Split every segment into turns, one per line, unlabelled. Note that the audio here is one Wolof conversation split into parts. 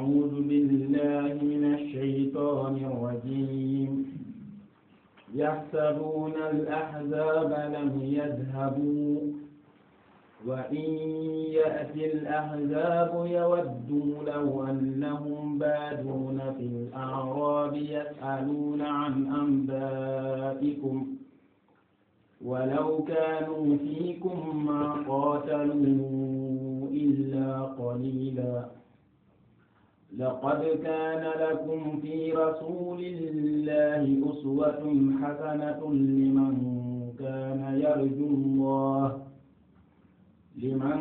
أعوذ بالله من الشيطان الرجيم يحسبون الأحزاب لم يذهبوا وإن يأتي الأحزاب يودوا لو أنهم بادون في الأعراب يسألون عن أنبائكم ولو كانوا فيكم ما قاتلوا إلا قليلاً لقد كان لكم في رسول الله أسوة حسنة لمن كان يرجو الله لمن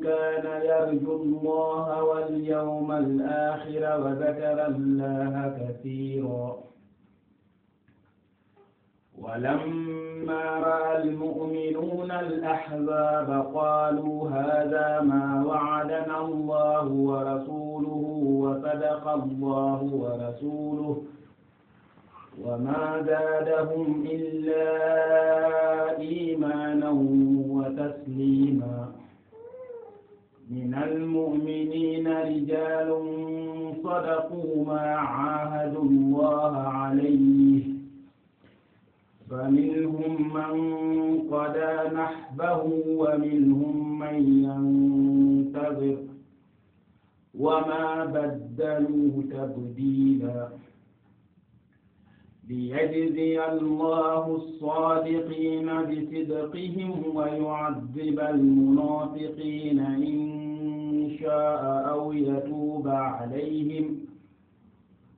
كان يرجو الله واليوم الآخر وذكر الله كثيرا ولما رأى المؤمنون الأحزاب قالوا هذا ما وعدنا الله ورسوله وصدق الله ورسوله وما زادهم إلا إيمانا وتسليما من المؤمنين رجال صدقوا ما عاهدوا الله عليه فمنهم من قضى نحبه ومنهم من ينتظر وما بدلوا تبديلا ليجزي الله الصادقين بصدقهم ويعذب المنافقين إن شاء أو يتوب عليهم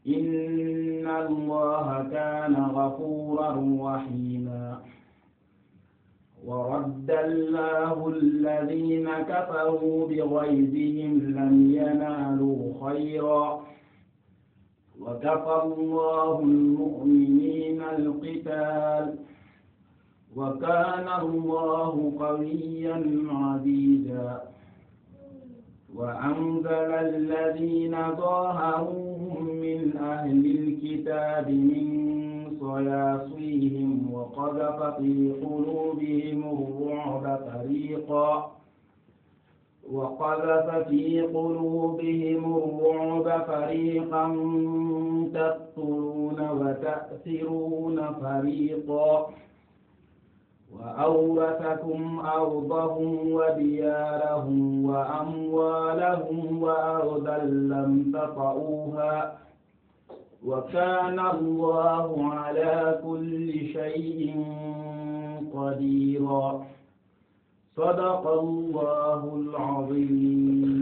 إن الله كان غفورا رحيما ورد الله الذين كفروا بغيظهم لم ينالوا خيرا وكفى الله المؤمنين القتال وكان الله قويا عزيزا وأنزل الذين ظاهروهم من أهل الكتاب من صياصيهم وقذف في قلوبهم الرعب فريقا وقذف في قلوبهم الرعب فريقا تقتلون وتأثرون فريقا وأورثكم أرضهم وديارهم وأموالهم وأرضا لم تطئوها وكان الله على كل شيء قديرا صدق الله العظيم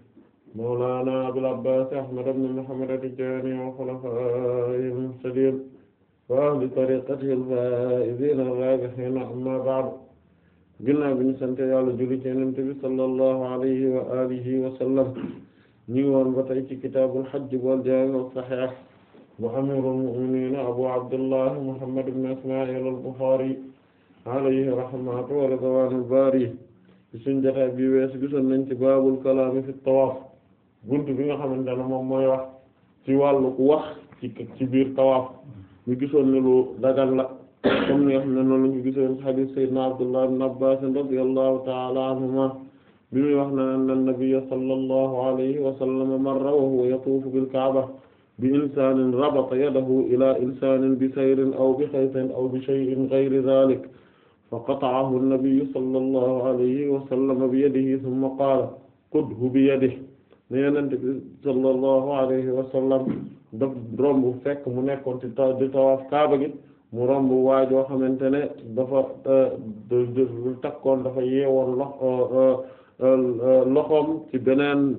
mawlana Abul Abbaas Ahmad ibn Muhammad at-Tijaani wa xulafaa'ihi al-muhtadiin wa ahli tariiqatihi al-faa'iziina ar-raabihiin amma ba'du ginnaaw bi ñu sant Yàlla julli ci Yonent bi sallallahu alayhi wa aalihi wa sallam ñu ngi woon ba tey ci kitaabul hajj wal jaami as-sahiih bu amiirul mu'miniin Abu Abdillah Muhammad ibn Ismaa'iil al-Bukhaari alayhi rahmatu wa ridwaanul baari ci suñu jotaay bi wees gisoon nañ ci baabul kalaam fi at-tawaaf bunt bi nga xamante ne moom mooy wax ci wàllu wax ci ci biir tawaaf ñu gisoon ne lu dagan la comme ni nga xam ne noonu lañu gisoon hadith sayyidina Abdullah ibn Abbas radiyallahu ta'ala anhuma bi muy wax na anna nabiyya sallallahu alayhi wa sallam marra wa huwa yatuufu bil kaaba bi insanin rabata yadahu ila insanin bi sayrin aw bi xaytin aw bi shay'in ghayri dhalik fa qata'ahu an-nabiyyu sallallahu alayhi wa sallam bi yadihi thumma qaala qudhu bi yadihi ne yenente bi sallallahu alayhi wa sallam daf romb fekk mu nekkoon ci ta di tawaaf kaaba gi mu romb waajoo xamante ne dafa euh, takkoon dafa yeewoon lox euh, euh, loxoom ci beneen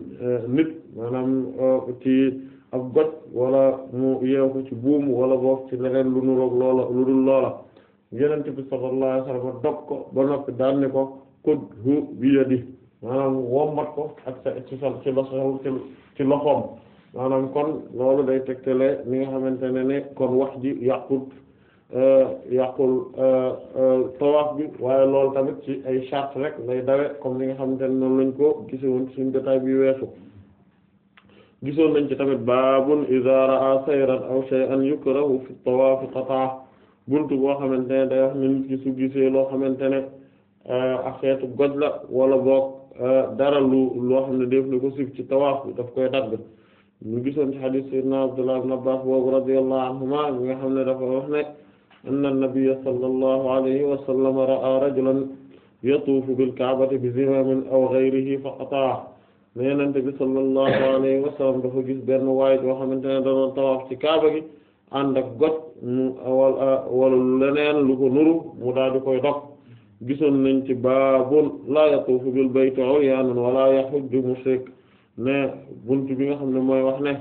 nit maanaam ci ab goj wala mu yeew ko ci buum wala boog ci leneen lu nuroog loola lu dul loola yenente bi sallallahu alayhi wa sallam dog ko ba noppi daan ne ko kudhu bi yadi maanaam wommat ko ak ci sa ci loxo ci loxoom maanaam kon loolu day tegtale li nga xamante ne ne kon wax ji yàqul euh, yàqul euh, euh, tawaaf bi waaye loolu tamit ci ay chart rek lay dawe comme li nga xamante ne noonu lañ ko gisoon suñu détail bi weesu gisoon nañ ci tamit baabun iza ra'a sayran aw shay'an yukrahu boo xamante ne gisee loo xamante ne a xeetu goj la wala boog Euh, dara lu loo xam ne def na ko sib ci tawaaf bi daf koy dagg ñu gisoon ci hadith sayyidina Abdullah ibn Abbas boobu radiyallahu anhuma mi nga xam ne dafa wax ne anna nabiyya sallallahu alayhi wa sallam ra'a rajulan yatuufu bil ka'bati bi zimamin aw ghayrihi fa qata'a ne yenente bi sallallahu alayhi wa sallam dafa gis benn waay yoo xamante ne da doon tawaaf ci kaaba gi ànd ak got mu wala wala leneen lu ko nuru mu daal di koy dog gisoon nañ ci baabun laa yatuufu bil bayti uryaanun wala yahujju mushrik ne bunt bi nga xam ne mooy wax ne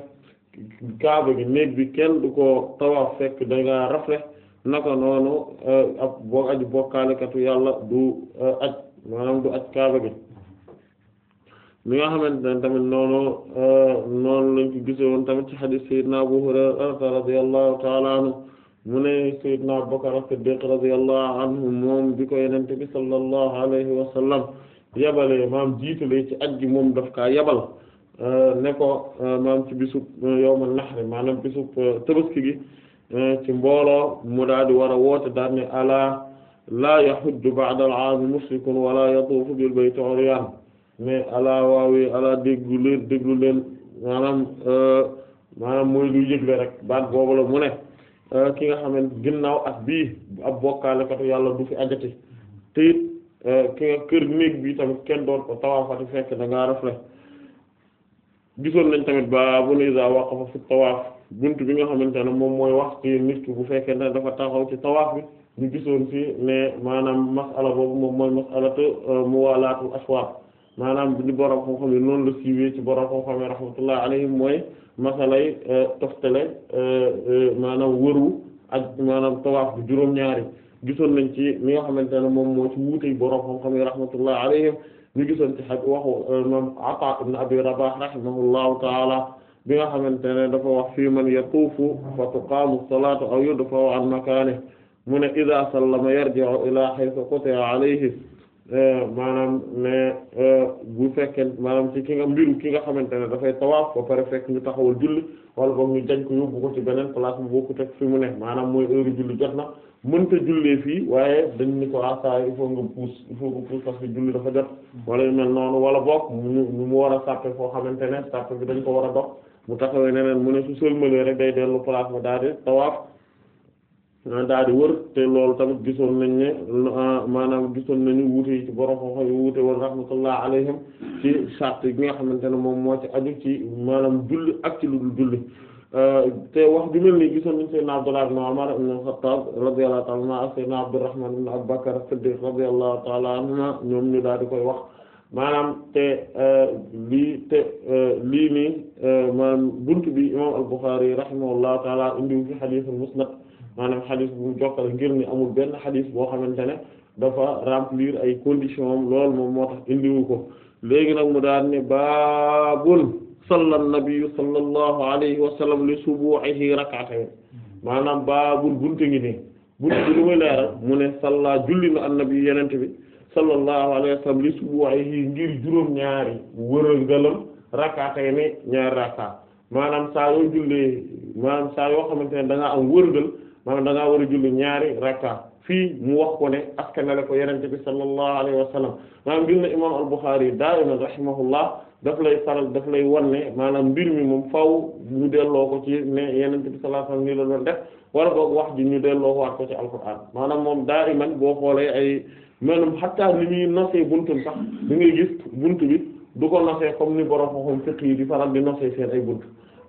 kaaba gi néeg bi kenn du ko tawaaf fekk dangaa rafle naka noonu eh, ab boo aju bokkaalekatu yàlla du eh, aj maanaam du aj kaaba gi mi nga xamante ne tamit noonu eh, noonu lañ ko gisoon tamit ci hadith sayyidina Abu Hurayra radiyallahu ta'ala mu ne a Abu Bakr as-Siddiq radiyallahu anhu moom bi ko yenente bi sallallahu alayhi wa yabale maam jiitale ci ajji moom daf kaa yabal euh, ne ko euh, maam ci bisub euh, yawmal nahr maanaam bisub tabaski gi ci mbooloo mu daal di war a woote daal ne ala laa yahujju ba'da al-'aam mushrikun wala yatuufu bil bayti 'uryaan mais ala waawi ala rek baat boobu la ne Euh, ki nga xamante ginnaaw at bii ab bokkaalekatu yàlla du fi ajati te it euh, ki nga kër néeg bi tamit kenn doon ko tawaafati fekk da ngaa rafle gisoon nañ tamit ba bu ne wax waqafa fi tawaaf bunt bi nga xamante ne moom mooy wax ci nit ki bu fekkee ne dafa taxaw ci tawaaf bi ñu gisoon fi mais maanaam masala boobu moom mooy masalatu euh, muwalaatul aswaab maanaam ni borom koo xam ne noonu la siiwee ci borom koo xam yi rahmatullah alayhim mooy masalay euh, toftale euh, euh, maanaam wëru ak maanaam tawaaf bu juróom-ñaari gisoon nañ ci li nga xamante ne moom moo ci wuutey boroom xam-xam yi rahmatullah alayhim ñu gisoon ci xaj waxu moom Ata ibn Abi Rabah rahimahullahu taala bi nga xamante ne dafa wax fii man yatuufu fa tuqaamu salaatu aw yudfa'u an makaanihi mu ne idaa sallama yarji'u ilaa haythu quti'a alayhi Euh, maanaam ne euh, bu fekkee maanaam ci ki nga mbiru ki nga xamante ne dafay tawaaf ba pare fekk ñu taxawal julli wala boog ñu jañ ko yóbbu ko ci beneen place bu bokkut ak fi mu ne maanaam mooy heure julli jot na mën mënta jullee fii waaye dañ ni ko asaay ah, il faut nga puus il faut nga puus parce que julli dafa jot wala yu mel noonu wala boog mu mu war a sàppe foo xamante ne sàppe bi dañ ko war a dox mu taxawee neneen mu ne su sëlmalee rek day dellu place daal di daal di wër te loolu tamit gisoon nañ ne ah, maanaam gisoon nañu wuute yi ci borom xam-xam yi woon rahmatullah alayhim ci sart yi nga xamante ne moom moo ci aju ci maanaam julli ak ci lu julli te wax bi mel ni gisoon nañ Seydina Abdullah ibn Umar ibn Khattab radiyallahu ta'ala anhuma ak Seydina Abdurrahman ibn Abu Bakr as ñoom ñu daal di koy wax maanaam te eh, lii te eh, lii nii eh, maanaam bunt bi imam al-Bukhari rahimahullahu ta'ala indiwu fi hadithul musnad maanaam xadis bu jokkal ngir ni amul benn xadis boo xamante ne dafa remplir ay conditions am loolu moom moo tax indiwu ko léegi nag mu daan ne baabul salla nabiyu sallallahu alayhi wa sallam li subuhihi rak'atayn maanaam baabul bunte ngi lu muy mu ne salla julli na annabi bi sallallahu alayhi wa sallam li subuhihi ngir juróom ñaari wërëngalam rak'atayn ñaari rakka maanaam saa yoo jullee maanaam da war a julli ñaari rakka fii mu wax ko ne askanale ko yenente bi sallallahu alayhi wa sallam maanaam ngir ne imam al-Bukhari daiman rahimahullah daf lay faral daf lay wan ne maanaam mbir mi moom faw ñu delloo ko ci ne bi sallallahu alayhi wa nii la doon def wala boog wax ji ñu delloo waat ko ci alquran maanaam moom daiman boo xoolee ay maanaam xatta li muy nosee buntum sax da ngay gis bunt bi du ko nosee comme ni borom xam-xam fiqh yi di faral di nosee seen ay bunt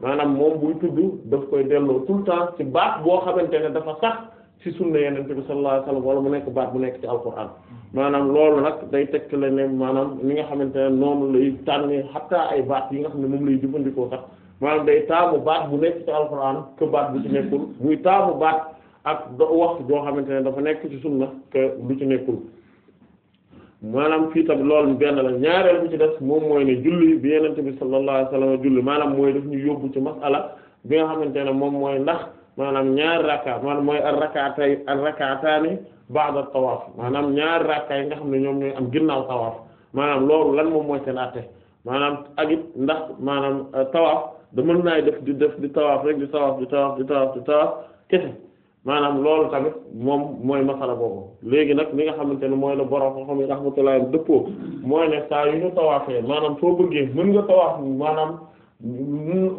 maanaam moom buy tudd daf koy delloo tout le temps ci baat boo xamante ne dafa sax ci sunna yeneen bi sallallahu alayhi wasallam wala mu nekk baat bu nekk ci alquran maanaam loolu nag day tekk la ne maanaam li nga xamante ne noonu lay tànnee xataa ay baat yi nga xam ne moom lay jëfandikoo sax maanaam day taamu baat bu nekk ci alquran baat bu ci nekkul muy taamu baat ak do wax joo xamante ne dafa nekk ci sunna que bu ci nekkul maanaam fii tam loolu benn la ñaareel bi ci des moom mooy ne julli bi yeneen tamit sallallahu alayhi wasallam julli maanaam mooy daf ñu yóbbu ci masala bi nga xamante ne moom mooy ndax maanaam ñaari rakka maanaam mooy ar rakatay ar rakataani ba'da tawaaf maanaam ñaari rakka yi nga xam ne ñoom ñooy am ginnaaw tawaaf maanaam loolu lan moom mooy seen àtte maanaam ak ndax maanaam tawaaf da mën naay def di def di tawaaf rek di tawaaf di tawaaf di tawaaf di tawaaf kese maanaam loolu tamit moom mooy masala boobu léegi nag mi nga xamante ni mooy la borom xam-xam yi dëppoo mooy ne saa yu ñu tawaafee maanaam soo bëggee mën nga tawaaf maanaam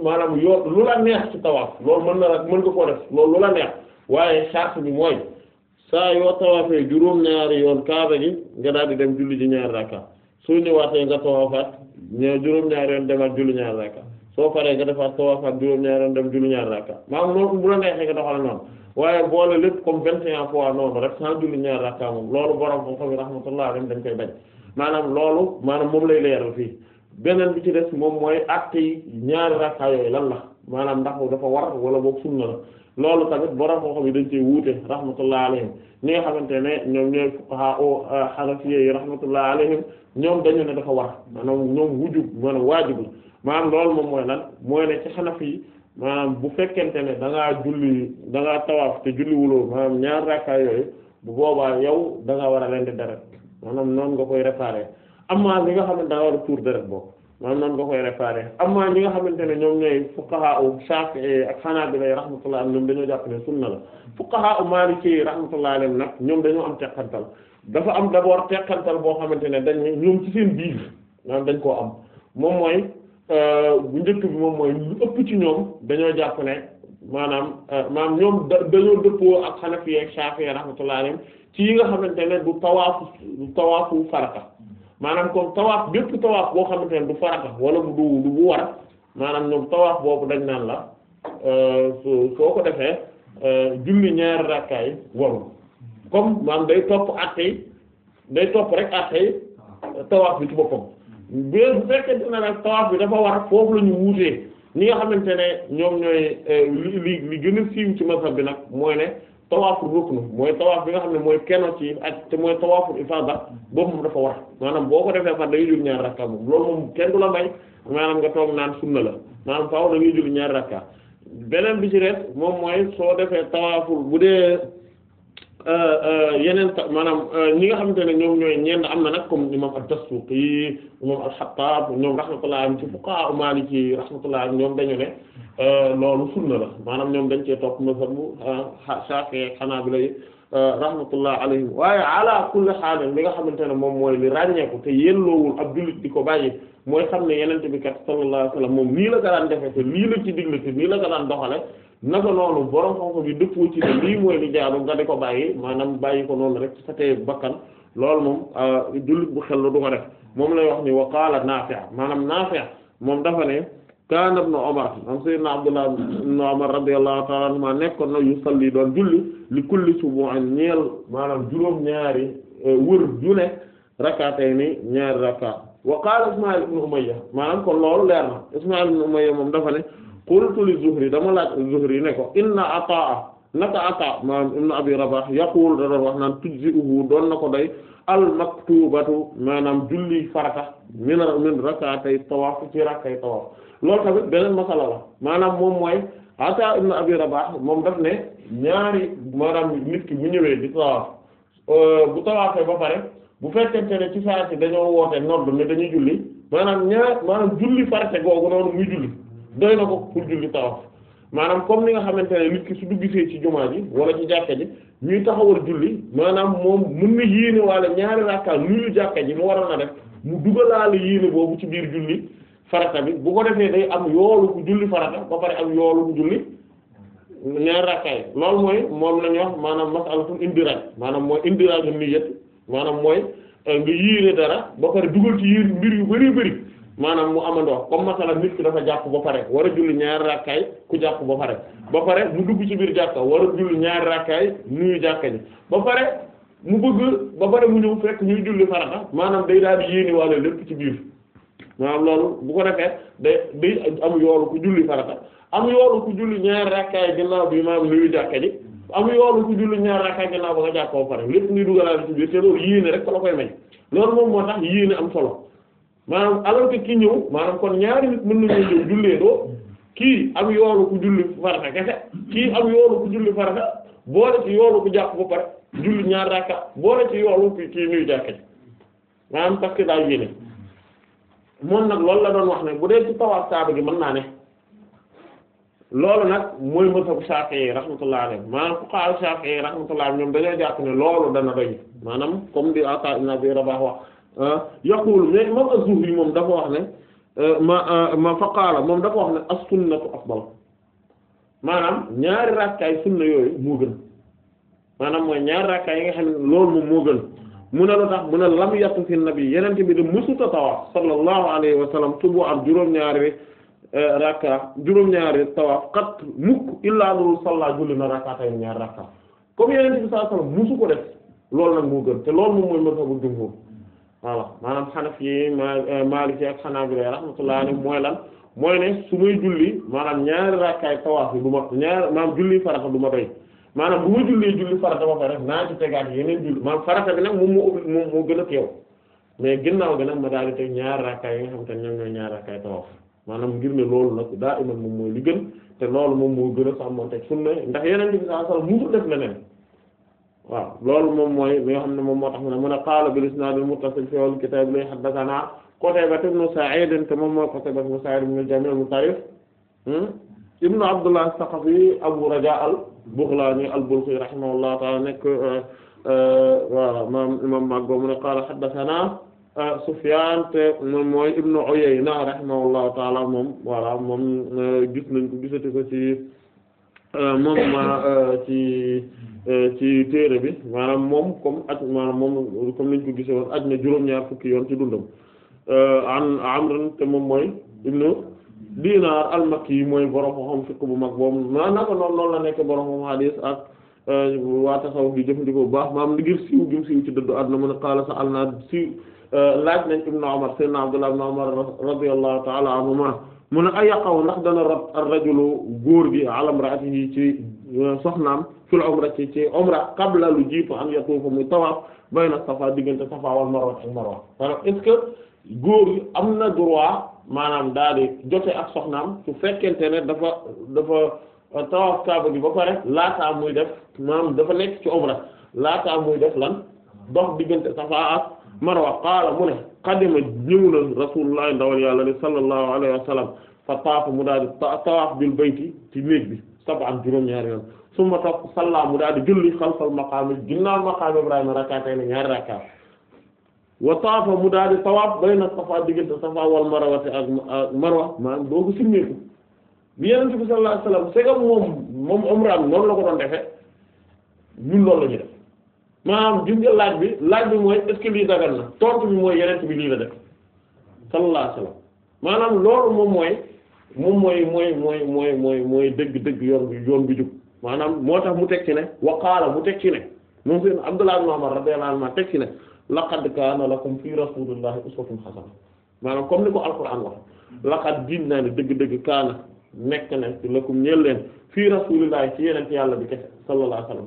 maanaam yoo lu la neex ci tawaaf loolu mën na la mën nga koo def loolu lu la neex waaye charte bi mooy saa yoo tawaafee juróom-ñaari yoon kaaba gi nga daal di dem julli ji ñaari rakka su ñëwaatee nga tawaafaat ñëw juróom-ñaari yoon demaat ñaari rakka soo paree nga defaat tawaafaat ñaari yoon dem julli ñaari rakka maanaam loolu bu la neexee nga doxal waaye boole lépp comme vingt et un fois noonu rek sans julli ñaar rakka moom loolu borom boo xam ne rahmatullah dañ koy bañ maanaam loolu maanaam moom lay leeral fii beneen bi ci des moom mooy actes ñaari rakka yooyu la maanaam ndax dafa war wala boog sunna la loolu tamit borom boo xam ne dañ koy wuute rahmatullah alayhim ñi nga xamante ne ñoom ñooy fuqaha o uh, hanafiyya yi rahmatullah alayhim ñoom dañu ne dafa war maanaam ñoom wujub maanaam waajib la maanaam loolu moom mooy lan mooy ne ci xanafi yi maanaam bu fekkente ne da ngaa julli da ngaa tawaaf te julliwuloo maanaam ñaar rakka yooyu bu boobaa yow da nga war a leen di deret maanaam noon nga koy réparer amma li nga xamante da war a tuur deret boobu maanaam noonu nga koy réparer amma ñi nga xamante ne ñoom ñooy fuqaha u Shafi'i ak Hanabila rahmatullah am ñoom dañoo jàpp ne sunna la fuqaha u Maliki rahmatullah alayhim nag ñoom dañoo am teqantal dafa am d'abord teqantal boo xamante ne dañ ñoom ci seen biir maanaam dañ koo am moom mooy Euh, bu njëkk bi moom mooy lu ëpp ci ñoom dañoo jàpp ne maanaam euh, maanaam ñoom dañoo dëppoo ak Hanafi ak Shafi'i rahmatullahi alayhim ci yi nga xamante ne du tawaafu du tawaafu farata maanaam comme tawaaf bépp tawaaf boo xamante ne du farata wala bu du bu war maanaam ñoom tawaaf boobu dañ naan la euh, soo ko defee julli ñaari rakkaay warul comme maanaam day topp àtte day topp rek àtte yi tawaaf bi ci boppam. mais bu fekkente ne nag tawaaf bi dafa war foofu la ñu wuutee ñi nga xamante ne ñoom ñooy euh, li li gën a siiw ci mazhab bi nag mooy ne tawaaful rukn mooy tawaaf bi nga xam ne mooy kenn ci ak te mooy tawaaful ifada boobu moom dafa war maanaam boo ko defee sax day jul ñaar rakka moom loolu moom kenn du la may maanaam nga toog naan sunna la maanaam faaw da jul ñaar rakka beneen bi ci res moom mooy soo defee tawaaful bu dee Euh, euh, yeneen maanaam euh, ñi nga xamante ne ñoom ñooy ñenn am na nag comme imam ad-Dasuqi imam al-Khattab ñoom rahmatullah ci fuqaha maliki rahmatullah ñoom dañu ne loolu sunna la maanaam ñoom dañ cee topp mazhabu Shafi'i Hanabila rahmatullah alayhim waaye ala kulli haal li nga xamante ne moom mooy li ràññeeku te yelloowul ab jullit di ko bàyyi mooy xam ne yenente bi kat sallallahu alayhi wasallam moom nii la ko daan defe te lii la ci digle te nii la ko daan naka noonu borom xam bi dëppoo ci ne lii mooy li jaaru nga di ko bàyyi maanaam bàyyi ko noonu rek ci sa tey bakkan loolu moom euh, jullit bu xel la du ko def moom lay wax ni wa qaala Naafi' maanaam Naafi' moom dafa ne kaana ibn Umar am sayyidna Abdullah ibn Umar nekkoon na yu salli doon julli li kulli subu'in ñeel maanaam juróom-ñaari euh, wër ju ne rak'atayni na Ismaa'il moom dafa ne qultu li Zuhri dama laaj Zuhri ne ko inna ataa naka ataa maanaam ibn Abi Rabah yaqul da doon wax naan tujzi'uhu doon na ko doy al maktubatu maanaam julli farata min min rak'atay tawaaf ci rakkay tawaaf loolu tamit beneen masala la maanaam moom mooy ataa ibn Abi Rabah moom daf ne ñaari maanaam nit ki bu ñëwee di tawaaf euh, bu tawaafee ba pare bu fekkente ne ci saa si dañoo woote nodd ne dañuy julli maanaam ñaar maanaam julli farata googu doy na ko pour julli tawaf maanaam comme ni nga xamante ne nit ki su duggisee ci jumaa ji wala ci jàkka ji ñuy taxawal julli maanaam moom mën na yéene wala ñaari rakka nuyu jàkka ji mu waroon a def mu dugalaale yéene boobu ci biir julli farata bi bu ko defee day am yoolu bu julli farata ba pare am yoolu bu julli ñaari rakka yi mooy moom la ñuy wax maanaam mas'alatul indiraj maanaam mooy indi indiraj niyyat maanaam mooy euh, nga yéene dara ba pare ci mbir yu bari bari maanaam mu amandoo comme masalan nit ki dafa jàpp ba pare war a julli ñaari rakkaay ku jàpp ba pare ba pare mu dugg ci biir jàkka war a julli ñaari rakkaay nuyu jàkka ji ba pare mu bëgg ba pare mu ñëw fekk ñuy julli farata maanaam day daal di yéene walla lépp ci biir maanaam loolu bu ko defee day day am yoolu ku julli farata am yoolu ku julli ñaari rakkaay ginnaaw bi maanaam nuyu jàkka ji am yoolu ku julli ñaari rakkaay ginnaaw ba nga jàpp ba pare lépp ngi dugalal loolu yéene am solo maanaam alors que ki ñëw maanaam kon ñaari nit mën nañoo jullee doo kii am yoolu ku julli farata kese kii am yoolu ku julli farata boole ci yoolu ku jàpp ba pare julli ñaar rakka boole ci yoolu ku kii nuyu jàkka ji maanaam parce que daa yéene moom nag loolu la doon wax ne bu dee ci tawaaf saaba gi mën naa ne loolu nag mooy mësabu Shafi'i rahmatullahi alayhi maanaam fuqaha Shafi'i rahmatullahi ñoom dañoo jàpp ne loolu dana doy maanaam comme di Ata Ah, yaqul mais imam az-Zuhri moom dafa wax ne euh, ma euh, ma fa qaala moom dafa wax ne as-sunnatu afdal maanaam ñaari rakkaay sunna yooyu moo gën maanaam mooy ñaari rakkaay yi nga xam ne loolu moom moo gën mu ne lu tax mu ne lam yattu fi nabi yeneen bi da mësuta tawaaf sallallahu alayhi wa sallam subu am juróom-ñaari euh, rakka juróom-ñaari tawaaf kat mukk illaa lolu salla julli na rakkaatay ñaari rakka comme yeneen bi sallallahu alayhi wa ko def loolu nag moo gën te loolu moom mooy mazhabu voilà maanaam xanafi yi maliki euh, ak xanaabila rahmatullah alayhi mooy lan mooy ne su may julli maanaam ñaari raakaay tawaaf yi du ma ñaari maanaam julli farata du ma doy maanaam bu ma jullee julli farata ba pare naa ci tegaat yeneen julli maanaam farata bi nag moom moo moom moo gën a teew mais ginnaaw gi nag ma daal di teg ñaari raakaay yi nga xam te ne ñoom ñaari raakaay tawaaf maanaam ngir ne loolu nag daa iman moom mooy li gën te loolu moom moo gën a sàmmonte sunna ndax yeneen bi sallallahu alayhi wasallam musul def waaw loolu moom mooy li nga xam ne moom moo tax mu ne mu ne qaala bil isnaad al muttasil fi al kitaab li haddathanaa Qutayba ibn Sa'iid te moom mooy Qutayba ibn Sa'iid ibn al-Jamii' al-Mutarrif hmm? ibn Abdullah as-Saqafi Abu Rajaa al-Baghlaani al-Balkhi rahimahullahu ta'aala nekk euh, euh, waaw maam imaam mag ba mu ne qaala haddathanaa euh, Sufyaan te moom mooy ibn Uyayna rahimahullahu ta'ala moom voilà moom gis nañ ko gisati ko ci. Euh, moom ma euh, ci euh, ci téere bi maanaam moom comme at maanaam moom comme lañ ko gisee woon aj na juróom-ñaar fukki yoon ci dundam an amran te moom mooy ibnu dinaar al-Makki yi mooy borom xam fiqh bu mag boobu ma naka noonu la nekk borom xam hadis ak waa tasawuf gi jëfandikoo bu baax maam li ngir siiw gim siiw ci dëddu àdduna mu ne qaala sa al naa siiw laaj nañ ibnu Umar sayyidina Abdullah ibnu Umar radiyallahu ta'ala anhuma mu ne ay yaqaw ndax dana rot góor gi ala imraatihi ci euh, soxnaam fil umra ci ci umra qabla lu jiitu an yatuufa muy tawaaf bayna safa diggante safa wal marwa ak marwa maanaam est-ce góor gi am na droit maanaam daal di jote ak soxnaam su fekkente ne dafa dafa euh, tawaaf kaaba gi ba pare laataa muy def maanaam dafa nekk ci umra laataa muy def lan dox diggante safa ak Marwa qaala mu ne qadima ñëw na rasulullah ndawal yàlla ni sallallahu alayhi wa sallam fa mu daal ci néeg bi sab'an juróom-ñaari yoon summa topp mu daal di julli xalfal maqaami ginnaaw maqaami Ibrahima rakkaatay na ñaari rakkaat wa taafa mu daal di tawaaf bayna Safa diggante Safa wal Marwa ak Marwa maanaam doo ko simmeeku bi Yonent bi sallallahu alayhi wa sallam c'est moom moom umra noonu la ko doon defee ñun loolu la ñu maanaam gis laaj bi laaj bi mooy est-ce lii dagan na tontu bi mooy yeneen bi lii la def sallallahu alayhi maanaam loolu moom mooy moom mooy mooy mooy mooy mooy mooy dëgg-dëgg yoon bi yoon bi jub maanaam moo tax mu teg ci ne waqaala mu teg ci ne moom seen Abdullah ibn Umar radiyallahu anhu teg ci ne laqad kaana lakum fii rasulillahi uswatun hasana maanaam comme ni ko alquran wax laqad giñ naa ne dëgg-dëgg kaana nekk na lakum ñeel leen fii rasulillahi ci yeneen yàlla bi kese sallallahu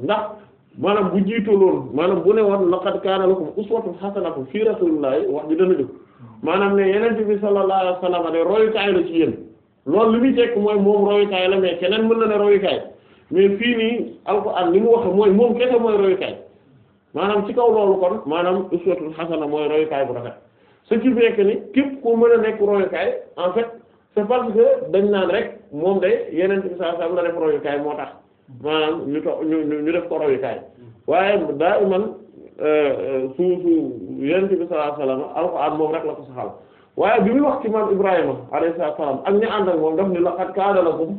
maanaam bu jiitu loolu maanaam bu ne woon laqad kaana lakum uswatun hasanatun fii rasulillahi wax ji dana dëgg maanaam ne yeneen bi la ci loolu li muy tekk mooy moom royukaay la mais keneen mën na ne royukaay mais fii nii li mu wax mooy moom kese mooy royukaay maanaam ci kaw loolu kon maanaam uswatun hasana mooy royukaay bu rafet képp ku mën a nekk royukaay en fait c'est parce que dañ naan rek moom day yeneen bi sallallahu la def royukaay moo tax. maanaam ñu to ñu ñu def ko royukaay waaye daa iman euh, euh, su su yonent bi sallallahu alayhi wasallam moom rek la ko saxal waaye bi muy wax ci maam Ibrahima alayhi salaam ak ñu ànd ak moom daf ni laqad kaana lakum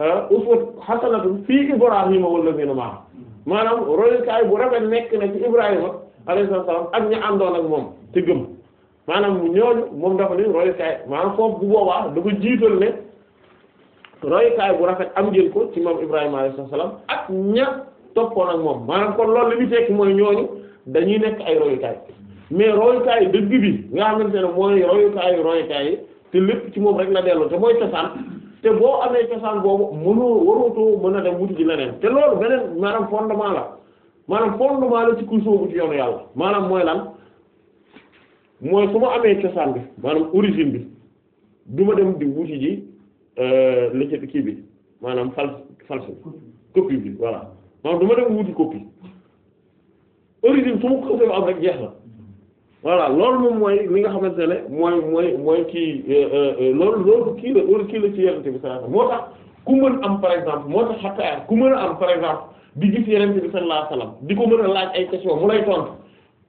euh, uswatun hasanatun fii Ibrahima maanaam royukaay bu rafet nekk na ci Ibrahima alayhi salaam ak àndoon ak moom te maanaam ñooñu moom dafa ni royukaay maanaam foofu bu boobaa da ko jiital ne. royukaay bu rafet am jël ko ci moom Ibrahima alayhi salaam ak ña toppoon ak moom maanaam kon loolu li ñu tekki mooy ñooñu dañuy nekk ay royukaay mais royukaay dëgg bi nga xamante ne mooy royukaayu royukaay te lépp ci moom rek la dellu te mooy cosaan te boo amee cosaan boobu mënoo warutoo mën a dem wuti ji leneen te loolu beneen maanaam fondement la maanaam fondement la ci kuy soobu ci yoonu yàlla maanaam mooy lan mooy su ma amee cosaan bi maanaam origine ma dem di li euh, ci kii bi maanaam fals fals copie bi voilà maanaam du ma dem wuti copie origine su ma ko xasee am rek jeex na voilà loolu moom mooy li nga xamante ne mooy mooy mooy kii euh, euh, loolu loolu kii la kii la ci yenente bi sallallahu moo tax ku mën am par exemple moo tax xataa ku mën a am par exemple di gis yenente bi sallallahu alayhi wasallam di ko mën a laaj ay question mu lay tontu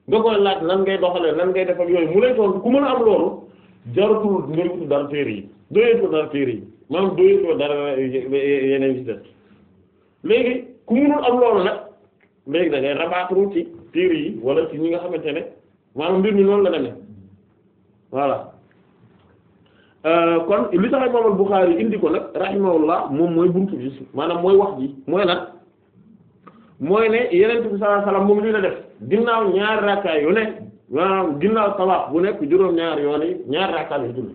nga koy laaj nan ngay doxalee nan ngay def ak yooyu mu lay tontu ku mën a am loolu jaratul ngay wuti dara téere yi doyeetul dara téere yi maanaam doyatoo dara yeneen ci des léegi ku munul am loolu nag léegi da ngay rabaatru ci téere yi wala ci ñi nga xamante ne maanaam mbir mi noonu la demee voilà euh, kon li tax imaam al indi ko nag rahimahullah moom mooy buntu bi maanaam mooy wax ji mooy nag mooy ne yeneen bi sallallahu alayhi wasallam moom li la def ginnaaw ñaar rakkaay yu ne maanaam ginnaaw tabax bu nekk juróom-ñaar yoon yi ñaari rakkaay yu julli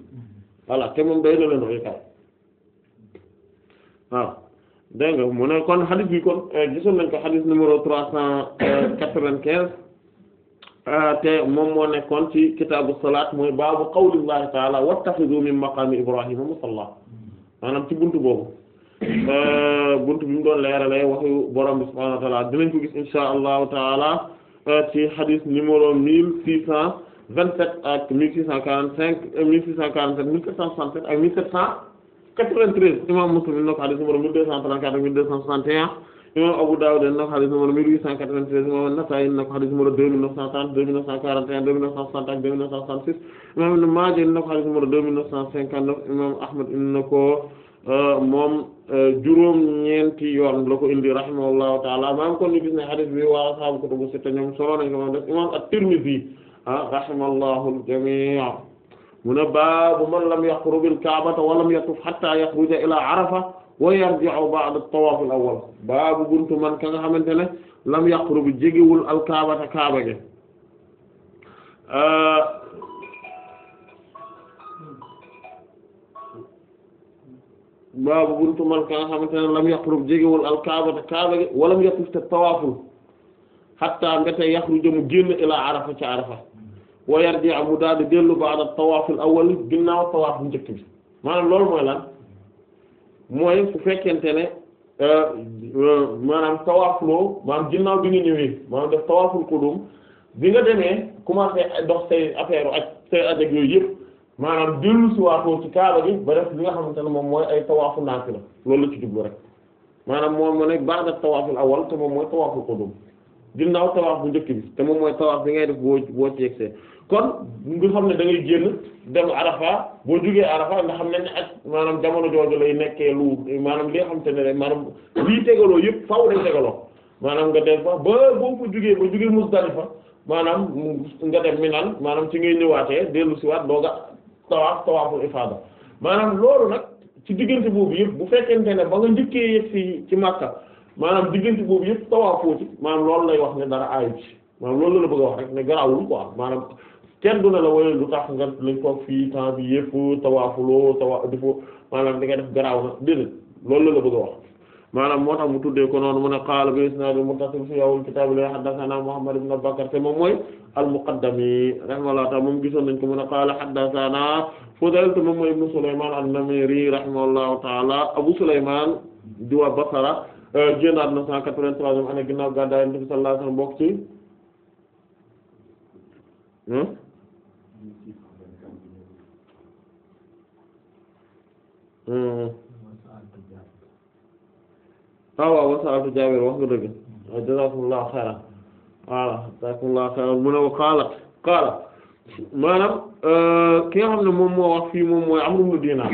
voilà te moom day na leen roykaay waaw dégg nga mu ne kon xadis bi kon eh, gisoon nañ ko xadis numéro trois cent euh, quatre-vingt-quinze euh, te moom moo nekkoon ci kitaabu salaat mooy baabu qawlillahi taala wattaxizu min maqaami ibrahima musalla maanaam ci buntu boobu euh, buntu bi mu doon leerale waxu borom bi subhaanahu wa taala dinañ ko gis insha allahu taala ci xadis numéro mille six cent vingt-sept ak mille six cent quarante-cinq mille six cent quarante-sept mille sept cent soixante cent 93 imam Muslim na ko hadith numéro 1234 1261 imam Abu Dawud na ko hadith numéro 1893 imam An-Nasa'i na ko hadith numéro 2930 2941 2960 ak 2966 imam Ibn Majah na ko hadith numéro 2959 imam Ahmad na ko euh, moom euh, juróom ñeenti yoon la ko indi rahimahullahu ta'ala maam kon ñu gis ne hadith bi waa ashaabu kutubu sitta ñoom solo nañ ko moom def imam At-Tirmidhi ah, rahimahullahu al mu ne baabu man lam yaqrub al kaabata wa lam yatuf hatta yakhruja ila arafa wa yarji'u ba'da at-tawaaf al awwal baabu buntu man ka nga xamante ne lam yaqrub jegewul al kaabata kaaba ge euh, baabu buntu man ka nga xamante ne lam yaqrub jegewul al kaabata kaaba ge wa lam yatuf te tawaaful hatta mbete yakhruja mu génn ila arafa ci arafa bi am mu daal di dellu ba'da tawaaf al-awwal ginnaaw tawaaf bu njëkk bi maanaam loolu mooy lan mooy su fekkente ne euh, euh, maanaam tawaaf loo maanaam ginnaaw bi nga ñëwee maanaam def tawaaful bi nga demee commencé dox say affaire ak say aj ak yooyu yëpp maanaam dellu si waatoo ci kaaba bi ba def li nga xamante ne moom mooy ay tawaafu naafila loolu la ci jublu rek maanaam moom mu nekk ba'da tawaaful awwal te moom mooy tawaaful qudum ginnaaw tawaaf bu njëkk bi te moom mooy tawaaf bi ngay def boo boo ci yegsee kon nga xam ne da génn dem arafa boo jugee arafa nga xam ne ne ak maanaam jamono jooju lay nekkee lu maanaam li nga xam te ne maanaam lii yëpp faaw day tegaloo maanaam nga dem fa ba boo ko jugee ba jugee Muzdalifa maanaam nga dem Minaan maanaam ci ngay ñëwaatee dellu si waat dooga tawaaf tawaaful ifaada maanaam loolu nag ci diggante boobu yëpp bu fekkente ne ba nga njëkkee yegg ci Makka maanaam diggante boobu yëpp tawaafoo ci maanaam loolu lay wax ne dara aayu ci maanaam la bëgg a wax rek ne garawul quoi maanaam kenn du ne la wala lu tax nga lañ toog fii temps bi yëpp tawaafuloo tawa defoo maanaam di nga def garaaw na déedéet la bëgg a wax maanaam moo tax mu tuddee ko noonu mu ne qaala bi isnaadil muttasil fi awwal kitaab la haddathana Muhammad ibn Bakr te moom mooy al-Muqaddami rahimahullahu ta'ala moom gisoon nañ ko mu ne qaala haddathana Fudayl te moom mooy ibn Sulaymaan an-Namiri rahimahullahu ta'ala Abu Sulaymaan di waa Basra génnaat euh, na 183e année ginnaaw gàddaay Yonent bi sallallahu alayhi wasallam bokk ci hmm? Hmm. ah waaw wasa'altu Jaabir wax nga dëgg jazaakumullaahu xayran voilà jazaakumullaahu xayran mu ne qaala qaala maanaam Euh, ki nga xam ne moom moo wax fii moom mooy Amru ibn Dinar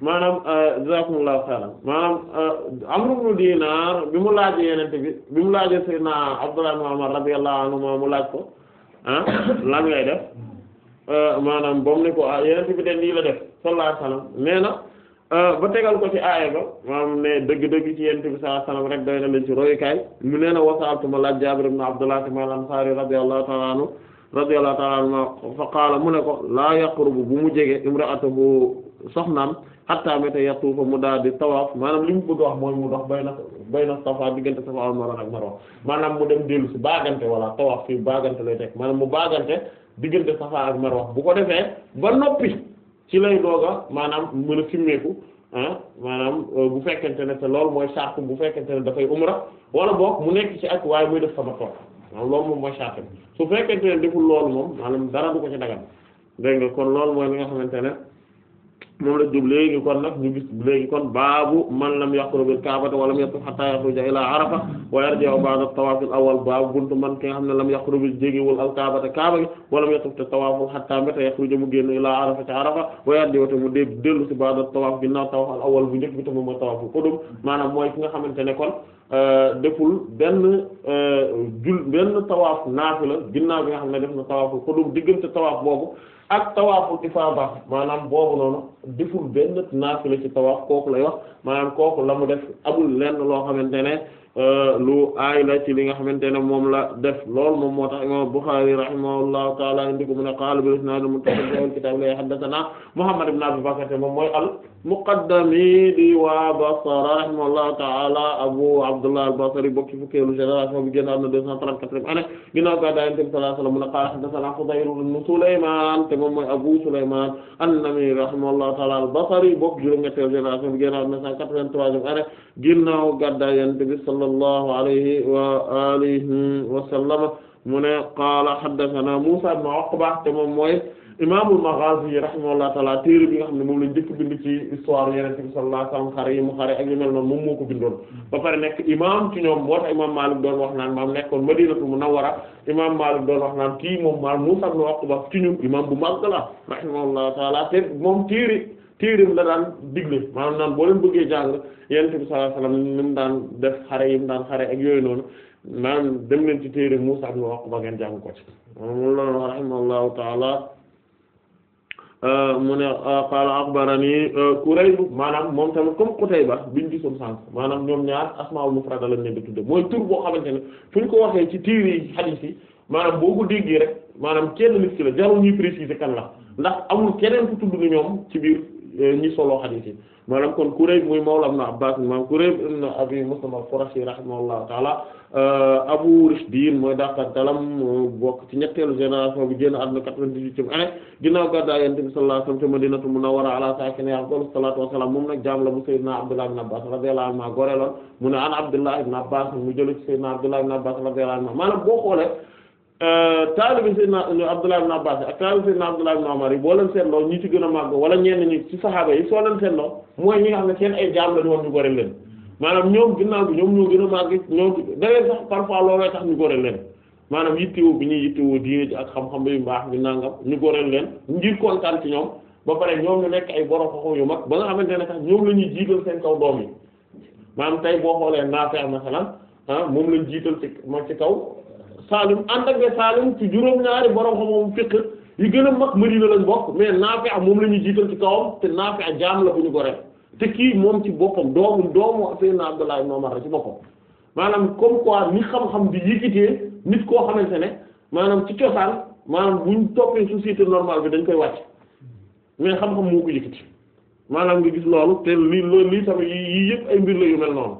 maanaam euh, jazakumullahu khairan maanaam euh, Amru ibn Dinar bi mu laaj yeneen bi bi mu laajee Seydina Abdullah ibn Umar mu laaj ko ah lan ngay def maanaam boobu ne ko ah, yeneen bi lii la def sallallahu alayhi wasallam nee na ba tegal ko ci aaya ba maanaam ne dëgg-dëgg ci yeneen bi sallallahu alayhi wasallam rek doy na leen ci royukaay mu nee na wasaaltu ma laaj Jaabir ibn Abdullah ibn Ansari radiyallahu ta'ala anhu radiyallahu ta'ala anhu fa qaala mu ne ko laa yaqrubu bu mu jege imra'atuhu soxnaam hatta meta yatuufa mu daal di tawaaf maanaam li mu bëgg wax mooy mu dox bay na bay na Safa diggante Safa al Marwa ak Marwa maanaam mu dem dellu si baagante wala tawaaf fii bàggante lay teg maanaam mu baagante diggante Safa ak Marwa bu ko defee ba noppi ci lay dooga maanaam mu mën a simmeeku ah maanaam euh, bu fekkente ne te loolu mooy sartu bu fekkente ne dafay umra wala boog mu nekk ci ak waaye muy def sama tool maanaam loolu moom mooy charte bi su fekkente ne deful loolu moom maanaam dara du ko ci dagal dégg nga kon loolu mooy li nga xamante ne moom la jub léegi kon nag ñu gis léegi kon baabu man la yaqrab al kaabata wa lam yatuf hatta yakhruja ila wa yarji'u ba'da tawaaf al awwal buntu man ki nga xam ne lam yaqrab jegewul al kaabata kaaba gi wa lam yatuf tawaaf hatta mata yakhruja mu génn ila arafa ci bu bi te moom mooy tawaaf maanaam mooy ki nga xamante ne kon euh, deful benn euh, jul benn tawaaf naafila ginnaaw bi nga xam ne def na tawaaful qudum diggante tawaaf boobu ak tawaaful ifaada maanaam boobu noonu deful benn naafila ci tawaaf kooku la wax maanaam kooku la mu def amul lenn loo xamante ne euh, lu aay la ci li nga xamante ne moom la def loolu moom moo tax imam Bukhari rahimahullahu taala indi ko mu ne qaala bil isnaad al muttasil fil kitaab la haddathana Muhammad ibn Abi Bakr moom mooy al muqaddami di waa Basra rahimahullahu ta'ala Abu Abdullah al-Basri bokk ci fukkeelu génération bi génn àdduna 234 année ginnaaw ga Yonent bi sallallahu alayhi wa sallam mu ne qaala haddathanaa Fudayl ibn Sulaymaan te moom mooy Abu Sulaymaan an-Namiri rahimahullahu ta'ala al-Basri bokk juróom-ñetteelu génération bi génn àdduna 183 année ginnaaw ga Yonent bi sallallahu alayhi wa alihi wa sallam mu ne qaala haddathanaa Muusaa ibn Uqba te moom mooy imaamul Maghazi rahimahullah taala téere bi nga xam ne moom lañ njëkk bind ci histoire yenente bi sallallahu alayhi wasallam xare yi mu xare ak yu mel noonu moom moo ko ba pare nekk imaam ci ñoom imaam Maalik doon wax naan maam nekkoon Madinatul Munawwara imaam Maalik doon wax naan kii moom maam Muusaa ibn Uqba ci ñun imaam bu mag la rahimahullah taala te moom téere téereem la daan digle maanaam naan boo leen bëggee jàng yenente bi sallallahu alayhi wasallam daan def xare yi mu daan xare ak yooyu noonu maanaam dem leen ci téere Muusaa ibn Uqba ngeen jàng ko ci moom loolu Euh, mu ne euh, qaala akhbarani euh, Kurayb maanaam moom tamit comme Qutayba biñ gisoon sànq maanaam ñoom ñaar asmaa'ul mufrada lañ leen di mooy tur boo xamante ne fu ñu ko waxee ci tiir yi hadith yi maanaam boo ko déggee rek maanaam kenn nit ki la jarul ñuy préciser kan la ndax amul keneen ku tudd ni ñoom ci biir Euh, ñi solo xadiis yi maanaam kon Kurayb muy mawla Ibn Abbaas maanaam Kurayb ibn Abi Muslim al-Qurashi rahimahullahu taala euh, Abu Rishdin mooy daqantalam bokk ci ñetteelu génération bi génn àdduna quatre-vingt-dix-huitième année ginnaaw gàddaay wa sallam te Madinatu Munawwara ala saakinihaa afdalu salaatu wa salaam moom nag jaam la bu Sayyidina Abdullah ibn Abbaas mu ne an mu jël ci Sayyidina Abdullah ibn Abbaas radiyallahu anhu maanaam xoolee Euh, taalibi Seydina Abdullah ibn Abbas ak taalibi Seydina Abdullah ibn Umar yi boo leen seetloo ñi ci gën a màgg wala ñenn ñi ci saxaaba yi soo leen seetloo mooy ñi nga seen ay jaam lañu woon ñu leen maanaam ñoo gën a màgg ñoom da leen sax parfois looloo tax ñu goreel leen maanaam yittewoo bi ñuy yittewoo diine ji ak xam-xam yu baax bi nangam ñu goreel leen ngir kontaan ci ñoom ba pare ñoom ñu nekk ay borom xoxo yu mag ba nga xamante ne sax ñoom la ñuy jiital seen kaw doom yi maanaam tey boo xoolee Naafi' masalan ah moom lañ jiital ci ma ci kaw Saalum ànd ak ne Saalum ci juróom-ñaari borom xam-xamu fiqh yi gën a mag Madina lañ bokk mais Naafi' moom la ñu jiital ci kawam te Naafi' jaam la bu ñu goree te kii moom ci boppam doomu doomu naa Abdullah ibn Umar ci boppam maanaam comme quoi ni xam-xam bi yëkkatee nit koo xamante ne maanaam ci cosaan maanaam bu buñ toppee société normale bi dañ koy wàcc mais xam-xam moo ko yëkkati maanaam nga gis loolu te lii lii tamit yii yëpp ay mbir la yu mel noonu.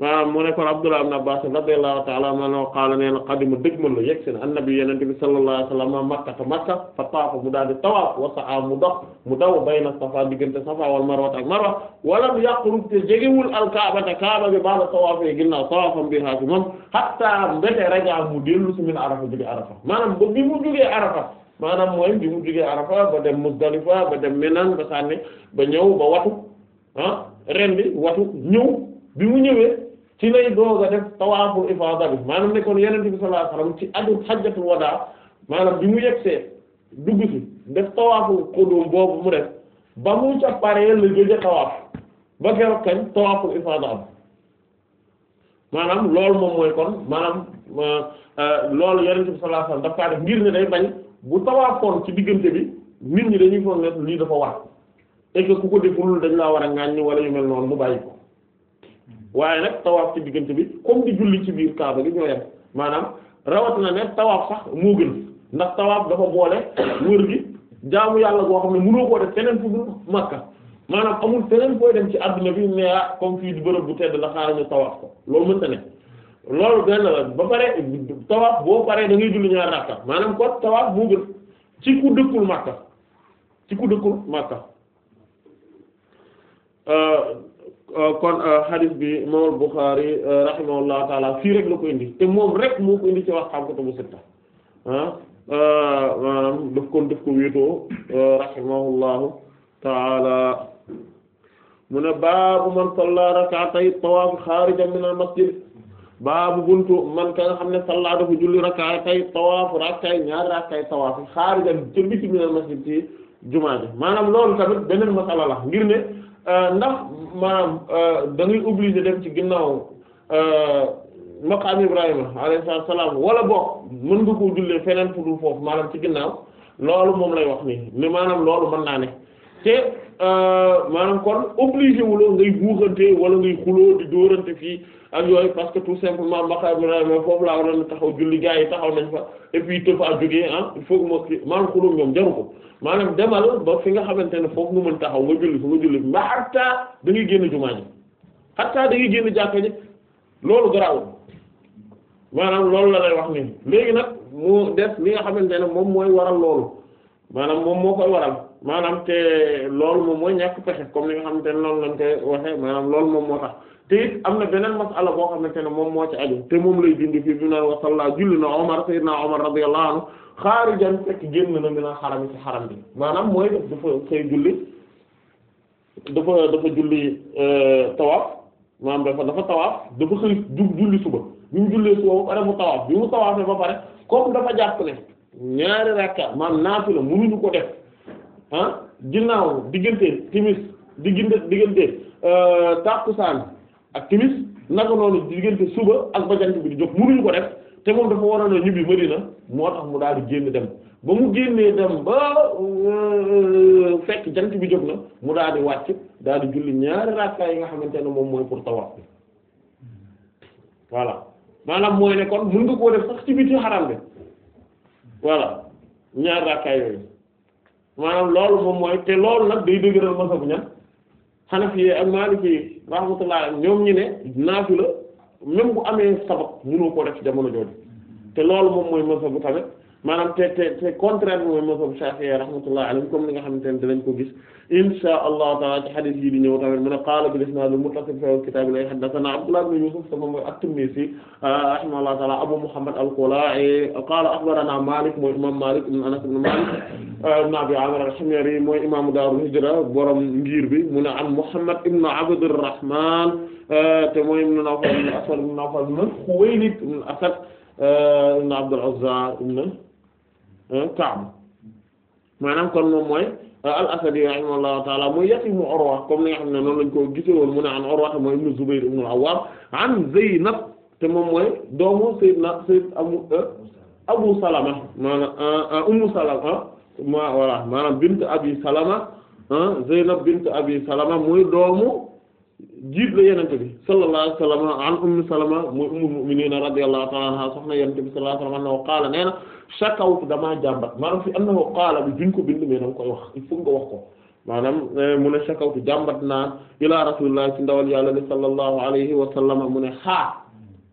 maanaam mu ne kon Abdullah ibn Abbas radiyallahu ta'ala anhu qaala nee na qadima dëgmal la yegg si na annabi yenente bi sallallahu alayhi wa sallam Makka te Makka fa taafa mu daal di tawaaf wa sa'a mu dox mu daw bayna Safa diggante Safa wal Marwa ak Marwa walam yaqrub te jegewul al-Kaaba te Kaaba bi ba'da tawaafi ginnaaw tawaafam bi haa ci moom hatta mbete raja mu dellu si min Arafa jóge Arafa maanaam ba bi mu jógee Arafa maanaam mooy bi mu jógee Arafa ba dem Muzdalifa ba dem Minan ba sànni ba ñëw ba watu ah ren bi watu ñëw bi mu ñëwee ci lay doog a def tawaaful ifaada bi maanaam ne kon yonent bi sallallahu ci aju hajjatul wadaa maanaam bi mu yegsee dugg ci def tawaaful qudum boobu mu def ba mu ca paree la jóge tawaaf ba keroog kañ tawaaful ifaada maanaam loolu moom mooy kon maanaam euh, euh, loolu yonent bi sallallahu alayhi daf kaa ngir ne day bañ bu tawaafoon ci diggante bi nit ñi dañuy foog ne lii dafa war et ku ko deful dañ laa war a ŋaññi wala yu mel mu bàyyi waaye nag tawaaf ci diggante bi comme di julli ci biir kaaba gi ñoo yem maanaam rawatina ne tawaaf sax moo gën ndax tawaaf dafa boole wër gi jaamu yàlla goo xam ne mënoo koo def feneen fu dul Makka maanaam amul feneen fooy dem ci àdduna bi ne ah comme fii di bërëb bu tedd la xaaral ñu tawaaf ko loolu mënta ne loolu benn la ba pare tawaaf boo paree dangay ngay julli ñaar rakka maanaam kon tawaaf moo gën ci ku dëkkul Makka ci ku dëkkul Makka. Euh, Euh, kon euh, hadith bi imam Bukhari euh, rahimahullahu taala fii rek la ko indi te moom rek moo ko indi ci wax xam kutubu sitta ah maanaam daf ko wéetoo rahimahullahu taala mu ne baabu man salla rak'atay tawaaf xaarijan min al masjid baabu buntu man ka nga xam ne salla dafa julli rak'atay tawaaf rak'atay ñaari rak'atay tawaaf xaarijan ci biti min al masjid ci jumaa ji maanaam loolu tamit beneen masala la ngir ne Euh, ndax maanaam euh, da ngay obligé dem ci ginnaaw euh, maqaam Ibrahima alayhi salaam wala boog mën nga koo jullee feneen fu dul foofu maanaam ci ginnaaw loolu moom lay wax nii ni maanaam loolu mën naa ne. te euh, maanaam kon obligé wu ngay buuxante wala ngay xuloo di dóorante fii ak yooyu parce que tout simplement maqaam Ibrahima foofu laa waroon a taxaw julli gaa yi taxaw nañ fa et puis te fa jógee ah il faut que maanaam xuloo ñoom jaru ko maanaam demal ba fi nga xamante ne foofu nga mën taxaw nga julli fa nga julli ba hatta da génn jumaa ji hatta da génn jàkka ji loolu garaawul maanaam loolu la lay wax nii léegi nag mu des li nga xamante ne moom mooy waral loolu maanaam moom moo koy waral. maanaam te loolu moom mooy ñàkk pexe comme ni nga xamante ne noonu lañ koy waxee maanaam loolu moom moo tax te it am na beneen masala boo xamante ne moom moo ci aju te moom lay dindi fii bi naan wa salla julli na Umar sayyidna Umar radiyallahu na mina xaram ci xaram bi maanaam mooy dafa xëy julli dafa dafa julli euh, tawaaf maanaam dafa dafa tawaaf dafa xëy julli suba bi mu jullee suba ba pare mu tawaaf bi mu tawaafee ba pare comme dafa jàpp ne ñaari rakka maanaam naafila mënuñu ko def ah ginnaaw diggante timis diggante diggante euh, tàkkusaan ak timis naka noonu diggante suba ak ba jant bi di jóg mënuñu ko def te moom dafa waroon a ñibbi Madina moo tax mu daal di génn dem ba mu génnee dem ba euh, fekk jant bi jóg na mu daal di wàcc daal di julli ñaari rakka yi nga xamante ne moom mooy pour tawaaf bi voilà maanaam mooy ne kon mën nga koo def sax ci biti xaram bi voilà ñaari rakka yooyu maanaam loolu moom mooy te loolu nag day dëgëral masabu ñan Hanafi ak Maliki rahmatullah ñoom ñu ne la même bu amee sabab mënoo koo def jamono jooju te loolu moom mooy masabu tamit maanaam te te te contraire bi mooy mazhab Shafi'i rahmatullah alayhi comme li nga xamante ne dinañ ko gis insha allahu taala ci xadis yi di ñëw tamit mu ne qaala bil isnaad al-muttasil fi kitaab la haddathana Abdullah ibn Yusuf sama mooy at-Tinnisi rahimahullahu taala Abu Muhammad al-Qula'i qaala akhbarana Malik mooy imam Malik ibn Anas ibn Malik ibn Abi Amir al-Himyari mooy imaamu daaru hijra borom ngir bi mu ne am Muhammad ibn Abdurrahman te mooy ibn Nawfal ibn Asad ibn Nawfal ibn Khuwaylid ibn Asad ibn Abdul Uzza Ka'b maanaam kon moom mooy euh, al-Asadi rahimahullahu ta'ala mooy yatimu Urwa comme nga xam ne noonu lañ ko gisee woon mu ne an Urwa mooy ibnu Zubayr ibnu Awwam an Zaynab te moom mooy doomu Sayyidna Sayyid Abu euh, Abu Salama maanaam euh, Ummu Salama ma maanaam bint Abi Salama Zaynab bint Abi Salama mooy doomu. jiit la yenente bi sallallahu alayhi wa sallam an ummi salama mooy ummul mu'minin radiyallahu ta'ala anha soxna yenente bi sallallahu alayhi wa sallam annahu qaala nee na shakawtu damaa jàmbat maanaam fi annahu qaala bi duñ ko bind mais danga koy wax il faut nga wax ko maanaam eh, mu ne shakawtu jàmbat naa ila rasulillah ci ndawal yàlla ni sallallahu alayhi wa sallam mu ne xaa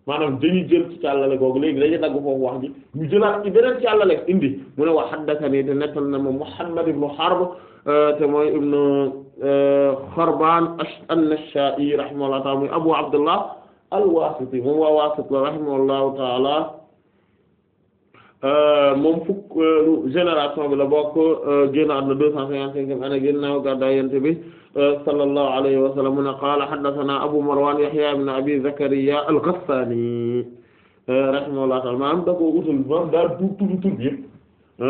maanaam dañuy jël ci càllale googu léegi dañuy dagg foofu wax ji ñu jëlaat ci beneen càllale indi mu ne wa haddathani te nettal na ma Muhammad ibn Harb euh, te mooy ibn euh, Kharbaan an-Nashaa'i rahimahullahu ta'ala muy Abu Abdullah al-Waasiti moom waa Waasit rahimahullahu ta'ala Euh, moom fukk euh, génération bi la bokk euh, génn àdduna deux cent cinquante-cinquième année ginnaaw gàddaay Yonent bi sallallahu alayhi wa sallam mu ne qaala haddathana Abu Marwan Yahya ibn Abi Zakariya al-Ghassani rahimahullahu ta'ala maanaam da ko utul maanaam daal tudd tudd yëpp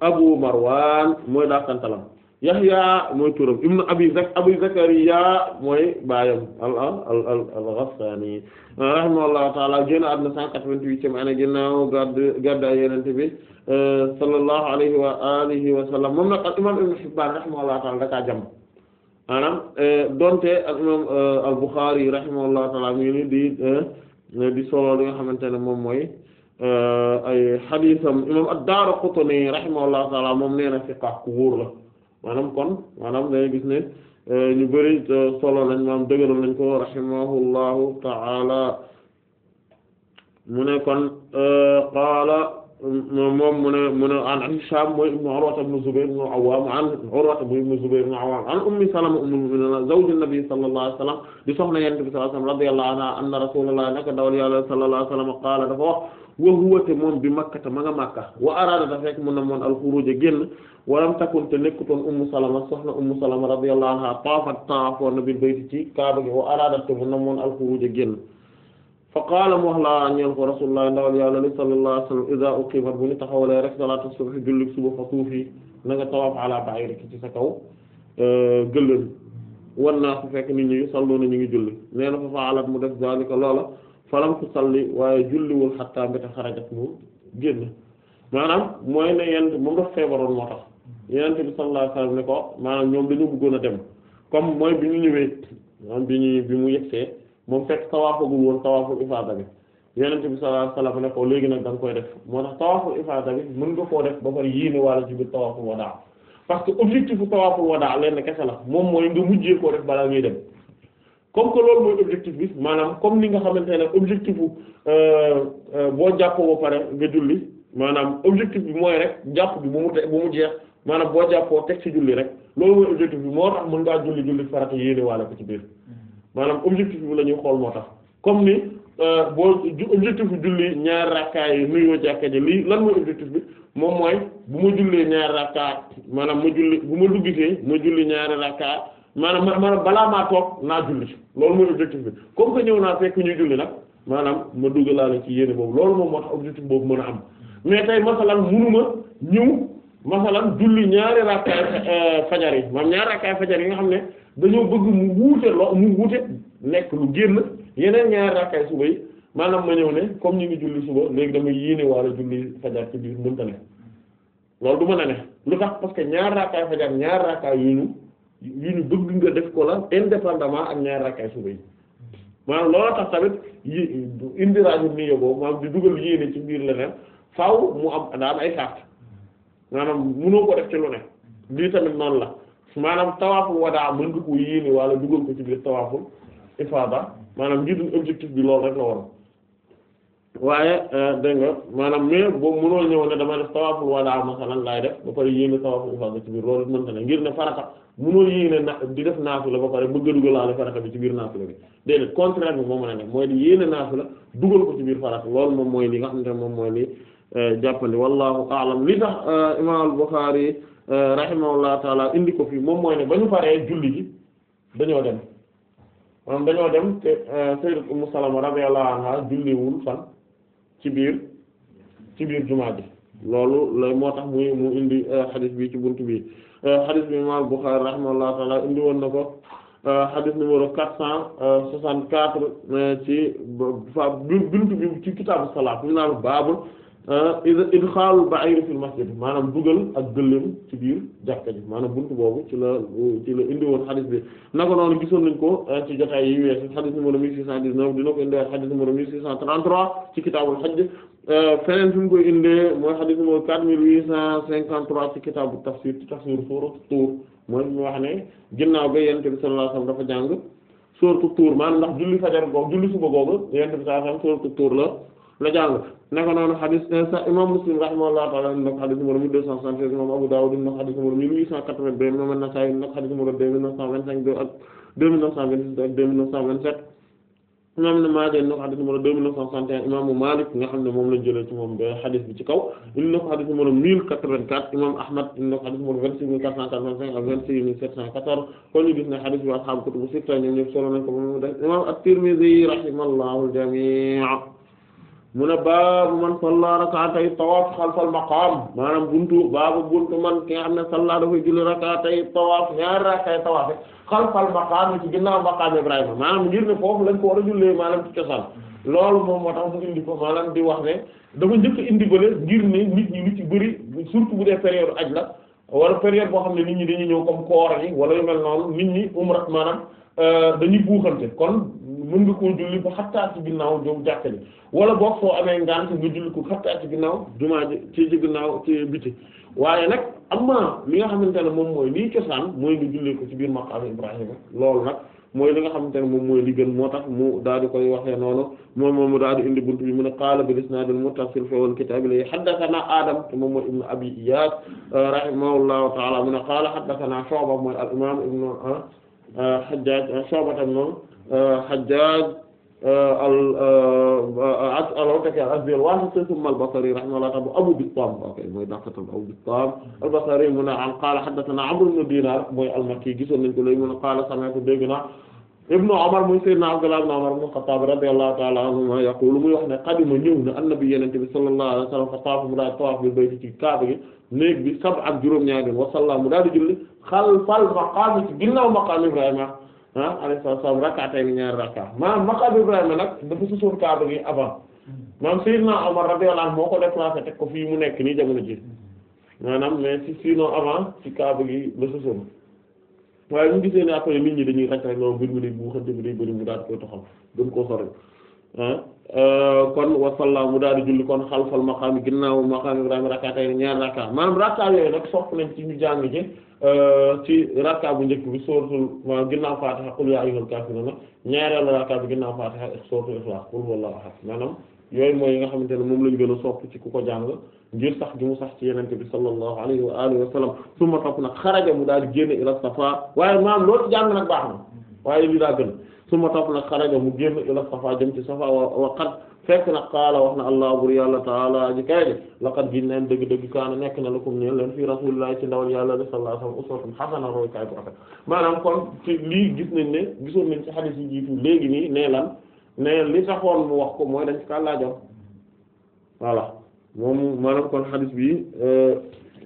Abu Marwan mooy daa kantalam Yahya mooy turam ibn Abi Zak Abi Zakariya mooy baayam al al al al-Ghassani rahimahullahu ta'ala génn àdduna 188e année ginnaaw gàdd gàddaay Yonent bi euh, sallallahu alayhi wa alihi wa sallam moom nag al-imam Ibn Hibban rahimahullahu ta'ala dakaa jàmm maanaam euh, donte al-imam euh, al-Bukhari rahimahullahu ta'ala mi ngi di di solo li nga xamante ne moom mooy ay xadiisam imam ad-Daraqutni rahimahullahu ta'ala moom nee na siqa ku wóor la. maanaam kon maanaam day gis ne eh, ñu bari eh, solo lañ maanaam dëgëral lañ ko rahimahullahu ta'ala mu ne kon eh, qaala moom mu ne mu ne an Hisham mooy ibn Urwa ibn Zubayr ibn Awwam an Urwa ibn Zubayr ibn Awwam an ummi Salama ummul mu'minin zawjun nabi sallallahu alayhi wa sallam di soxna Yonent bi sallallahu alayhi wa sallam radiyallahu anha anna rasulullah naka dawal yàlla sallallahu alayhi wa sallam qaala dafa wax wa huwa te moom bi makkata ma nga makka wa araada dafa fekk mun na moon al-khuruj génn walam takun te nekkutoon ummu Salama soxna ummu Salama radiyallahu anha taafat taafoon na bil bayt ci kaaba gi wa araada te mun na moon al-khuruj génn fa qaala mu wax laa ñeen ko rasulullah ndawal yàlla li sallallahu alayhi wa sallam iza uqimat rek salaatu subhi julli suba fa tuufi na nga tawaaf ala ci sa kaw euh, gëllën wan naa su fekk nit ñi salloona ñu ngi julli nee na fa faalat mu def zalika loola falam tu salli waaye julliwul xattaa mbéta xarajat mu génn maanaam mooy ne yent moom daf feebaroon moo tax yenent bi sallallahu alayhi wa ko maanaam ñoom dañu bëggoon a dem comme mooy bi ñu ñëwee bi ñu bi mu yegsee moom fekk tawaafagul woon tawaaful ifaada bi yonent bi sallallahu alayhi wasallam ko léegi nag da nga koy def moo tax tawaaful ifaada bi mën nga koo def ba pare yéene wàlla ci biir tawaaful wadaa parce que objectif bu tawaaful wadaa lenn moom mooy nga mujjee koo def dem comme bi maanaam comme ni nga xamante ne objectif bu euh, euh, boo jàppoo ba pare nga maanaam objectif bi mooy rek bi bu mu te bu jeex maanaam boo jàppoo teg ci julli rek loolu bi moo tax mën ngaa julli ko ci biir maanaam objectif bi la ñuy xool moo tax comme ni euh, boo objectif bi julli ñaari rakkaa yi nuyoo jàkka ji lii lan mooy objectif bi moom mooy bu ma jullee ñaari rakkaa maanaam ma julli bu ma duggisee ma julli ñaari rakkaa maanaam maanaam balaa maa toog naa julli loolu mooy objectif bi comme que ñëw naa fekk ñu julli nag maanaam ma duggalaale ci yéene boobu loolu moom moo tax objectif boobu mën a am mais tey masalan munuma ñëw masalan julli ñaari rakkaa euh, fajar yi maanaam ñaari rakkaa fajar yi nga xam ne dañoo bëgg mu wuute lo mu wuute nekk lu génn yeneen ñaari rakkay suba yi maanaam ma ñëw ne comme ñu ngi julli suba léegi dama yéene wala julli fajar ci biir mënta ne loolu du mën a ne lu tax parce que ñaar raakaay fajar ñaar raakaay yu ñu yu ñu bëgg nga def ko la indépendamment ak ñaar raakaay suba yi maanaam loolu tax tamit yi indiraaju ni yoboo maanaam di dugal yéene ci biir leneen faw mu am daan ay sart maanaam mënoo ko def ci lu ne lii tamit noonu la maanaam tawaaful wadaa mën ko yéene wala dugal ko ci biir tawaaful ifaada maanaam ngir objectif bi loolu rek la war waaye euh, dégg nga maanaam mais boobu mënoo ñëw ne dama def tawaaful wadaa masalan laay def ba pare yéene tawaaful ifaada ci biir loolu mënta ne ngir ne farata mënoo yéene na di def naafila ba pare bëgg a dugalaale farata bi ci biir naafila bi déedéet contraire bi moo mën a def mooy di yéene naafila dugal ko ci biir farata loolu moom mooy li nga xam ne moom mooy li euh, jàppandi wallahu a'lam li tax euh, imaam al-Bukhari Euh, rahimahullahu taala indi ko fii moom mooy ne ba ñu paree julli gi dañoo dem maanaam dañoo dem te euh, sayyidat Ummu Salama radiyallahu anha julliwul fan ci biir ci biir juma bi loolu la moo tax muy mu indi euh, xadis bi ci bunt bi xadis bi imam Bukhari rahimahullahu taala indi woon na ko xadis numéro quatre cent soixante-quatre ci fa buntu bi ci kitaabu salaat ñu naan baabul Euh, idxaalul ba'ir fil masjid maanaam dugal ak gëléem ci biir jàkka ji maanaam buntu boobu ci la ci la indi woon xadis bi naka noonu gisoon nañ ko euh, ci jotaay yi weesu xadis numéro 1619 dina ko indiwaat xadis numéro 1633 ci kitaabul xajj euh, feneen fi mu koy indee mooy xadis numéro 4853 ci kitaabu tafsir ci tafsir suuratu Tuur mooy mu wax ne ginnaaw ba Yonent bi sallallahu alayhi wasallam dafa jàng suuratu Tuur maanaam ndax julli fajar googu julli suba googu Yonent bi sallallahu alayhi wasallam suuratu Tuur la. la jàng naka noonu xadis eh, imam Muslim rahimahullahu ta'ala nak xadis numéro 1276 imam Abu Dawud nak xadis numéro 1882 imam An-Nasa'i nak xadis numéro 2925 ak 2926 ak 2927 imam Ibn Maaja na ko xadis numéro 2961 imaamu Maalik nga xam ne moom lañ jëlee ci moom ba eh, xadis bi ci kaw indi na ko xadis numéro 1084 imam Ahmad indi na ko xadis numéro 26445 ak 26714 kon ñu gis ne xadis bi ashaabu kutubu sitta ñoom ñëpp solo nañ ko moom def imam At-Tirmidhi rahimahullahu al-jamii' mu ne baabu man salla rak'atay tawaaf xalfal maqaam maanaam buntu baabu buntu man ki nga xam ne salla dafay julli rak'atay tawaaf ñaari rak'atay tawaaf xalfal maqaam ci ginnaaw maqaam Ibrahima maanaam ngir ne foofu lañ ko war a jullee maanaam ci cosaan loolu moom moo tax mu indi ko maanaam di wax ne dafa njëkk indi bële ngir ne nit ñi lu ci bëri surtout bu dee période aj la wala période boo xam ne nit ñi dañu ñëw comme koor yi wala yu mel ñi umra Euh, dañuy buuxante kon mën nga koo julli ba xattaa ci ginnaaw jom jàkka ji wala boog soo amee ngant nga julli ko xattaa ci ginnaaw jumaa ji ci ci ginnaaw ci biti waaye nag amma li nga xamante ne moom mooy lii cosaan mooy nga julli ko ci biir maqaam Ibrahima loolu mooy li nga xamante ne moom mooy li gën moo tax mu daal di koy waxee noonu moom moom mu daal di indi buntu bi mu ne qaala bil isnaadil muttasil fi wal kitaab li haddathanaa Adam te moom mooy ibnu Abi Iyaas rahimahullahu ta'ala mu ne qaala haddathanaa Shu'ba mooy al imaam ibnu ah, Hajjaj euh, Shu'ba tam moom euh, Hajjaj euh, al as alawtaki al asbi al wasiti thumma al basri rahimahullah ta'ala Abu Bistam okay mooy dàqatam Abu Bistam al basri mu ne an qaala haddathana Amr ibn Dinar mooy al makki gisoon nañ ko léegi mu ne qaala sami'tu dégg naa ibnu omar muy sayyidna abdullah ibn omar ibn xattaab radiyallahu ta'ala anhuma yaqulu muy wax ne xadima ñëw na annabi yenente bi sallallahu alayhi wa sallam fa taaf mu daal tawaaf bil bayti ci kaaba gi néeg bi sab ak juróom-ñaari yoon wa mu daal di julli xalfal maqaami ci ginnaaw maqaam ibrahima ah alayhi salaam rak'atayn ñaari rak'a maanaam maqaam ibrahima nag dafa susuur kaaba gi avant maanaam sayyidna omar radiyallahu anhu moo ko déplacé teg ko fii mu nekk nii jamono ji maanaam mais si sinon ci kaaba gi la susuur waaye bu ñu gisee ne après nit ñi dañuy rek rek noonu mbir mi day buuxante bi day bëri mu daal di koy toxal gën koo sori ah, euh, kon wasalla mu daal di julli kon xalfal maqaam ginnaaw maqaam ñaar rakka maanaam rakka yooyu nag sopp nañ ci ñu jàng ci euh, ci rakka bu njëkk bi sóoratul maanaam ginnaaw Faatiha qul yaa ayyuhal kaafiruuna ñaareelu rakka bi ginnaaw Faatiha sóoratul Ikhlaas qul huwallaahu ahad maanaam yooyu mooy yi nga xamante ne moom lañ gën a sopp ci ku ko jàng ngir sax gi mu sax ci yenente bi sallallahu alayhi wa alihi wa sallam su ma topp nag mu daal di génn ila safa waaye maam loolu jàng nag na waaye lii daa gën su ma topp nag xaraja mu génn ila safa ci safa wa qad fekk nag qaala wax na allah bur yàlla taala ji kay de laqad gin neen dëgg na lakum ñeen leen fii rasulillahi ci ndawal yàlla sallallahu alayhi wasallam uswatun hasana maanaam kon lii gis nañ ne gisoon nañ ci hadith yi jiitu léegi nii nee ne li taxoon mu wax ko mooy dañ ko laajoon voilà moom maanaam kon xadis bi euh,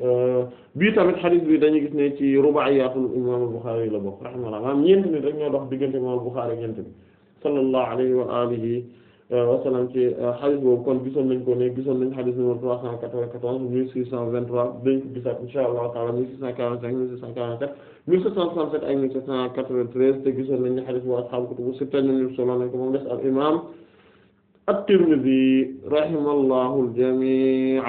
euh, bii tamit xadis bi dañuy gis ne ci rubaayatul imaam Buxaari la bokk rahimahullah maanaam ñeenti nit rek ñoo dox diggante imaam Buxaari ak ñeenti bi sallallahu alayhi wa alihi euh, wa sallam ci xadis boobu kon gisoon nañ ko ne gisoon nañ xadis numéro trois cent quatre-vingt-quatorze mille six cent vingt-trois dañ ko gisaat insha Allah taala mille six cent quarante-cinq mille six 1767 ak 1793 te gisoon nañu hadith bu ashaabu kutubu sitta ñu solo nañ ko moom des al imam at-Tirmidhi rahimallahu al-jamii'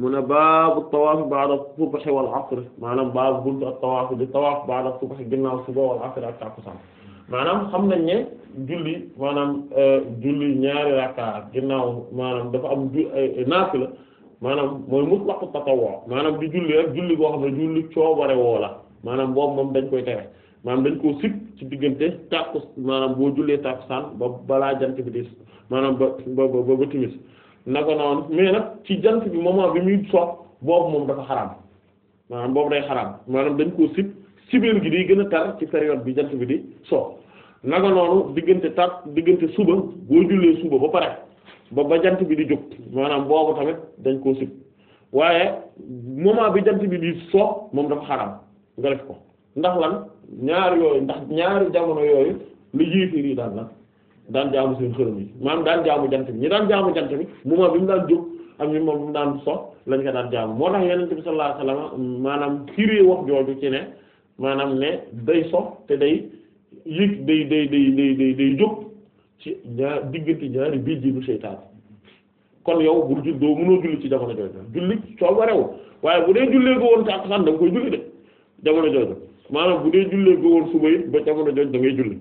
mu ne baabu tawaaf ba'da subh wal asr maanaam baabu buntu at-tawaaf di tawaaf ba'da subh ginnaaw suba wal asr ak takkusaan maanaam xam nañ ne julli maanaam euh, julli ñaari rakka ginnaaw maanaam dafa am euh, naafila maanaam mooy mutlaqu tatawwu maanaam di julli julli boo xam ne julli coobare woo la maanaam boobu moom dañ koy tere maanaam dañ koo sib ci diggante tàkku maanaam boo jullee tàkkusaan ba balaa jant bi di maanaam ba ba ba ba timis naka ci jant bi bi muy soog boobu moom dafa xaraam maanaam boobu day xaraam maanaam dañ koo sib sibeel gi day gën a tar ci période bi jant bi di soo naka noonu diggante tàkk diggante suba boo jullee suba ba pare. ba ba jant bi di jóg maanaam boobu tamit dañ koo sib waaye moment bi jant bi di soo moom dafa xaram nga def ko ndax lan ñaari yooyu ndax ñaari jamono yooyu lu yéeféer yi daan la daan jaamu seen xërëm yi maanaam daan jaamu jant bi ñi daan jaamu jant bi moment bi mu daan jóg am ñi moom daan so lañ ko daan jaamu moo tax yeneen bi sallallahu alayhi wasallam maanaam firée wax jooju ci ne maanaam ne day so te day yëg day day day day day day jóg ci ñaar diggante ñaari biir seytaane kon yow bul juddoo mënoo julli ci jamono jooju julli soo warewul waaye bu dee jullee ko woon tàkkusaan da nga koy julli de jamono jooju maanaam bu dee jullee ko ba jamono jooju da ngay julli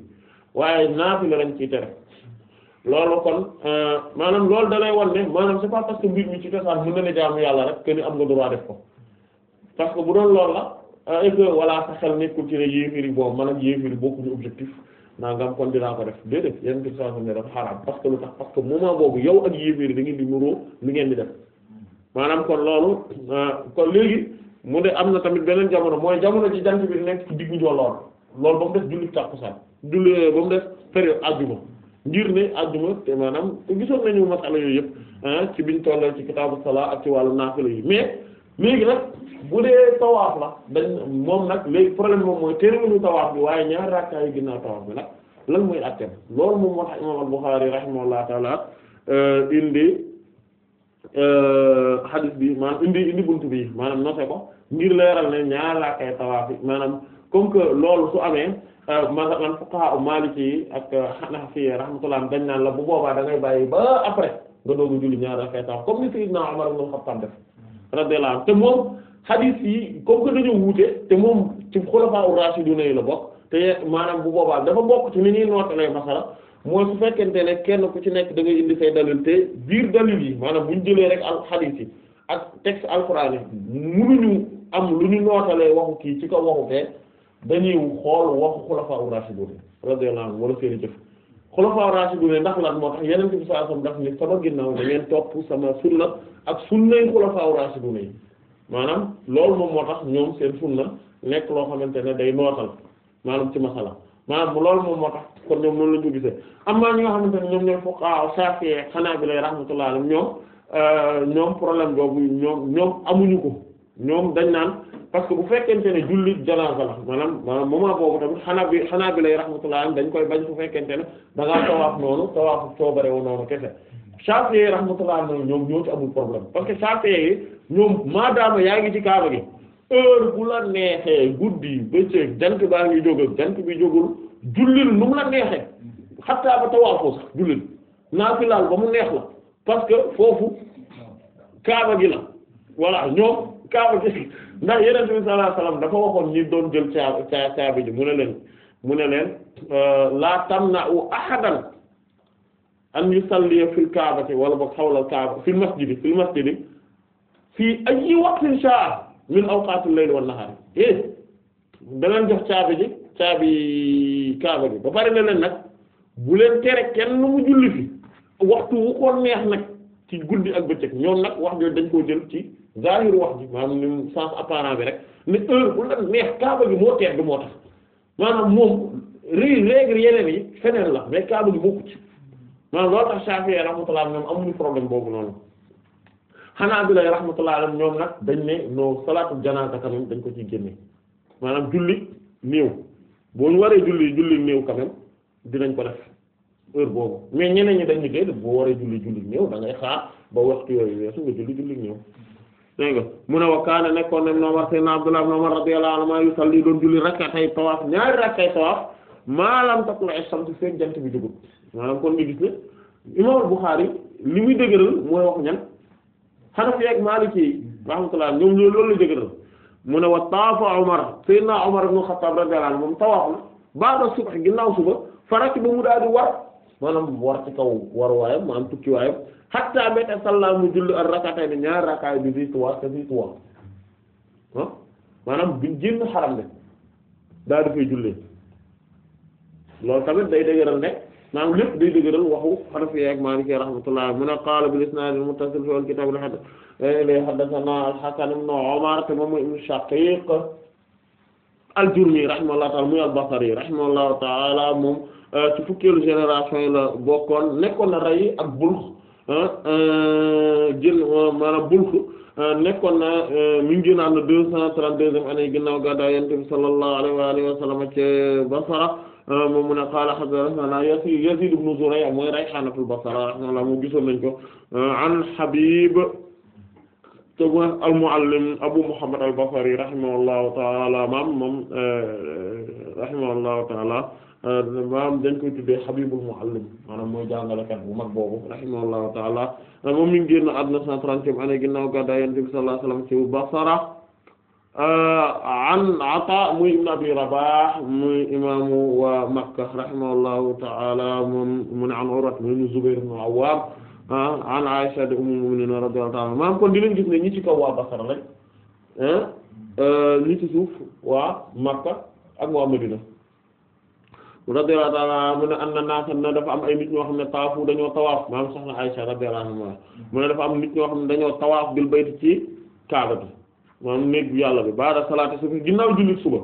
waaye naafila lañ ciy tere loolu kon euh, maanaam lool da lay wan ne maanaam c'est pas parce que mbir mi ci tasaan mën na ne jaamu yàlla rek kenn am nga droit ko parce que bu doon lool la est euh, que voilà sa xel nekkul ci ne yéefiri boobu maanaam yéefiri bokkuñu objectif nangam kon dinaa ko def déedéet yéen bi saa ne dafa xaraam parce que lu tax parce que moment boobu yow ak yéeféeri da ngeen di nuroo lu ngeen di def maanaam kon loolu ah, kon léegi mu ne am na tamit beneen jamono mooy jamono ci jant bi nekk ci diggu njolloor loolu ba mu des jullit tàkkusaan julli ba mu des période àjjuma ngir ne àjjuma te maanaam te gisoon nañu masala yooyu yëpp ah, ci biñ tollal ci kitaabu salaa ak ci wàllu naafila yi mais léegi nag bu dee tawaaf la dañ moom nag léegi problème moom mooy terminu tawaaf bi waaye ñaar rakkaay yu ginnaaw tawaaf bi nag lan mooy àtteem loolu moom moo tax imaam al-Bukhari rahimahullah euh, indi euh, hadith bi maanaam indi indi bunt bi maanaam nose ko ngir leeral ne ñaar rakkaay tawaaf bi maanaam comme que loolu su amee euh, masalan fuqaha Maliki yi ak Hanafi rahmatullah dañ naan la bu boobaa da ngay bàyyi ba après nga doogu julli ñaar rakkaay tawaaf comme xadiis yi comme que dañoo wuute te moom ci xulafaa ur-raashiduna yi la bokk te maanaam bu boobaa dafa bokk ci ni ñuy nootalee masala mooy su fekkente ne kenn ku ci nekk da ngay indi say dalil te biir dalil yi maanaam bu ñu jëlee rek al xadiis yi ak texte alxuraan yi ñu am lu ñu nootalee waxu kii ci kaw waxu fee dañuy xool waxu xulafaa ur-raashiduna radiyallahu anhum wala seeni jëf xulafaa raashidun ndax lan moo tax yeneen bi sallallahu alayhi wasallam daf ni sama ginnaaw da ngeen topp sama sunna ak sunnay xulafaa raashidun maanaam loolu moom moo tax ñoom seen sunna nekk loo xamante ne day nootal maanaam ci masala maanaam lool moom moo tax kon ñoom noonu la ñu gisee am na ñi nga xamante ne ñoom ñooy fuqaha Shafi'i Hanabila rahmatullah alayhim ñoom euh, ñoom problème boobu ñoom ñoom amuñu ko ñoom dañ naan parce que bu fekkente ne julli janaasa la maanaam maanaam moment boobu tamit xanaa bi xanaa bi lay rahmatullah dañ koy bañ su fekkente ne da ngaa tawaaf noonu tawaafu coobare wu noonu kese Shafi'i rahmatullah alayhi ñoom ñoo ci amul problème parce que Shafi'i ñoom maadaama yaa ngi ci kaaba gi heure bu la neexee guddi bëccëg jant baa ngi jóg ak jant bi jógul jullil nu mu la neexee xattaa ba tawaafoo sax jullil laal ba mu neex la parce que foofu kaaba gi la voilà ñoom kaaba gi ndax yeneen bi sallallahu alayhi wasallam dafa waxoon ñi doon jël caa caa caabi ji mu ne leen mu ne leen euh, laa tamna'u ahadan an yusalli fil kaabati wala boog xawlal kaaba fil masjidi fil masjidi fii ayyi waqtin sha'a min awqaatil layli wan nahaar eh danañ jox caabi ji caabi kaaba gi ba pare ne leen nag bu leen tere kenn mu julli fi waxtu wu ko neex nag ci guddi ak bëccëg ñoom nag wax jooju dañ koo jël ci zaahiru wax ji maanaam ni mu apparent bi rek ne heure bu la neex kaaba gi moo tedd moo tax maanaam moom ré règle yeneen yi feneen la mais kaaba gi bokku ci. maanaam loolu tax Shafi'i rahmatullah ñoom amuñu problème boobu noonu Hanabila rahmatullah alayhim ñoom nag dañ ne no salaatul janaasa quand dañ ko ciy génne maanaam julli néew boo ñu waree julli julli néew quand même ko def boobu mais ñeneen dañ ñu koy def boo waree julli julli néew da xaar ba waxtu yooyu weesu nga julli julli néew. dégg nga mu ne wa kaana nekkoon ne Umar sayyidina Abdullah ibn Umar radiyallahu anhu yusalli doon julli rakkatay tawaaf ñaari rakkatay tawaaf maa lam tatlu ash-shams jant bi dugub. maanaam kon nga gis ne imaamul Buxaari li muy dëgëral mooy wax ñan Hanafi ak Maliki yi rahmatullah ñoom loolu la dëgëral mu ne wa taafa Umar Seydina Umar ibn Xattaab radiyallahu anhu moom tawaaf la ba'da subh ginnaaw suba farati ba mu daal di war maanaam war ci kaw war waayam maanaam tukki waayam hatta mbéyte salla mu julli ak rakatay ni ñaar rakaay bi fii tuwa te fii tuwa ah maanaam bi génn xaram ne daal di jullee loolu tamit day dëgëral nekk naa lépp day dëgëral waxu Hanafi ak Maliki rahmatullah mu ne qaala bil isnaad al muttasil fil kitaab al al Hasan ibn Umar te moom mooy ibn al Jurmi rahimahullahu ta'ala muy al Basri rahimahullahu ta'ala moom euh, ci fukkeelu génération yi la bokkoon nekkoon na rey ak bulx euh, euh, jël maanaam bulx nekkoon na mi ngi naan deux cent trente-deuxième année ginnaaw gàddaay Yonent bi sallallahu alayhi wa alihi ci Basra Euh, moom mu ne qaala haddathana Yazid ibn Zuray' mooy Rayhanatul Basra rahimahullah moom gisoon nañ ko euh, an Habib te mooy al-Muallim Abu Muhammad al-Basri rahimahullahu ta'ala maam moom euh, rahimahullahu ta'ala maam dañ koy tuddee Habibul Muallim maanaam mooy jàngalekat bu mag boobu rahimahullahu ta'ala moom mi ngi génn àdduna 130 année ginnaaw gàddaay Yonent bi sallallahu alayhi wasallam ci Basra an Ata muy ibn Abi Rabah muy imaamu waa Makka rahimahullahu ta'ala moom mu ne an Urwa ibn Zubayr ibn al-Awwam an Aisha de ummul mu'minin radiyallahu ta'ala maam kon dinañ gis ne ñi ci kaw waa Basra lañ ñi ci suuf waa Makka ak waa Madina radiyallahu ta'ala mu ne an na naasan na dafa am ay nit ñoo xam ne tawaafu dañoo tawaaf maam soxna Aisha radiyallahu anha mu ne dafa am nit ñoo xam ne dañoo tawaaf bil bayt ci Kaaba bi maanaam néeg bu yàlla bi baada salaati suba ginnaaw jullit suba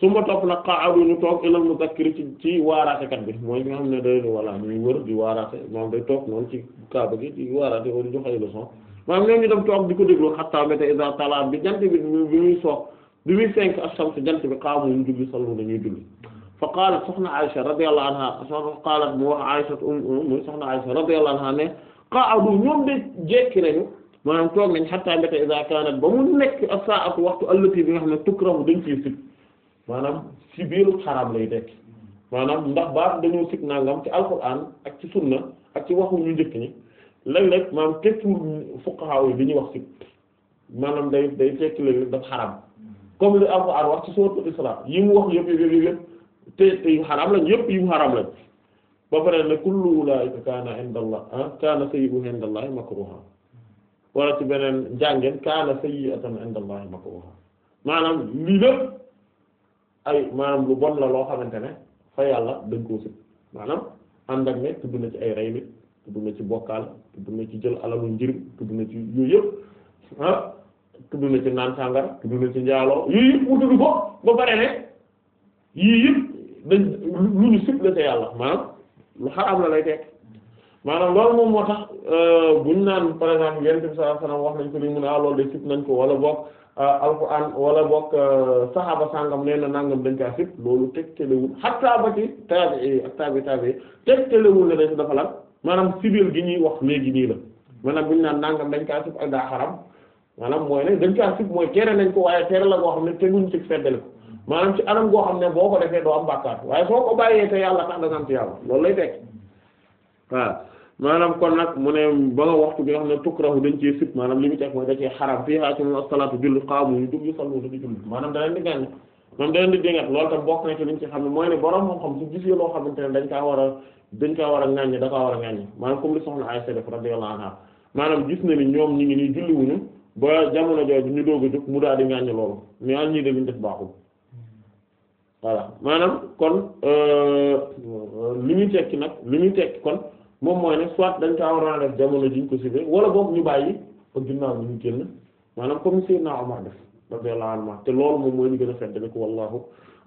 su ma topp nag qa'adu ñu toog ilal muzakkiri ci ci waaraatekat bi mooy nga xam ne day voilà ñuy wër di waaraate maanaam day toog noonu ci kaaba gi di waaraate wala jox ay leçon maanaam ñoom ñu dem toog di ko déglu xattaa ba te iza talaa bi jant bi bi muy soog bi muy fenk ash-shams jant bi qaamu ñu julli sallu dañuy julli fa qaalat soxna Aisha radiyallahu anha soxna qaalat mu wax Aisha um muy soxna Aisha radiyallahu anha ne qa'adu ñoom de jekki nañu maanaam toog nañ xattaa mbéta isa kanat ba mu nekk ak saa ak waxtu allati bi nga xam ne tukrahu dañ ciy sib maanaam si biiru xaraam lay dekk maanaam ndax baax dañoo sib nangam ci alquran ak ci sunna ak ci waxu ñu njëkk ñi léeg-léeg maanaam tekkiwul fuqaha yi li ñuy wax sib maanaam day day tekki léeg-léeg daf xaraam comme li alquran wax ci suratul isra yi mu wax yëpp yëpp te te yu xaraam lañ yëpp yu xaraam lañ ba pare ne kullu ulaika kaana inda allah kaana sayyi'u inda allah wala ci beneen jàngeen kaana sayyi'atan inda Allahi makruha maanaam lii lépp ay maanaam lu bon la loo xamante ne fa yàlla dañ koo sib maanaam ànd ak ne tudd na ci ay rey bi tudd na ci bokkaal tudd na ci jël alalu njëriñ tudd na ci yooyu yëpp ah tudd na ci naan sàngara tudd na ci njaaloo yooyu yëpp mu tudd ko ba pare ne yii yëpp dañ lu ñu sib la ca yàlla maanaam lu xaraam la lay tekk maanaam loolu moom moo tax euh, buñ naan par exemple yonent bi sallallahu alayhi wasallam wax nañ ko li mu ne ah, loolu de sib nañ ko wala bokk euh, alquran wala bokk euh, saxaaba sàngam nee na nangam dañ kaa sib loolu tegtalewul xatta ba ci taabi ak taabi taabi tegtalewul ne dañ dafa lan maanaam sibil gi ñuy wax léegi nii la maanaam buñ naan nangam dañ kaa sib ak daa xaram maanaam mooy ne dañ kaa sib mooy tere nañ ko waaye tere la goo xam ne teguñ ci feddale ko maanaam ci anam goo xam ne boo ko doo am bàkkaar waaye soo ko te yàlla tax da nga am loolu lay tekk maanaam kon nag mu ne ba nga waxtu bi nga xam ne tukk tukrahu dañ cee sib maanaam li mu teg mooy da cee xaram fii haa ci moom as-salaatu julli xaamu ñu dugg sallu dañu xam ne mooy ne borom moom xam su gisee loo xamante ne dañ kaa war a dañ kaa war a ŋàññe da war a ŋàññe maanaam comme li soxna Aysa maanaam na ni ñoom ñi ngi jamono jooju ñu doog a jóg mu daal di ŋàññe loolu mais al ñii de liñ def baaxul voilà maanaam kon euh, li muy tekki nag li muy tekki kon moom mooy ne soit dañ ko war a def jamono jiñ ko sibe wala boog ñu bàyyi ba ginnaaw bi ñu génn maanaam comme Seydina Omar def te loolu moom mooy ñu gën a fedd ko wallahu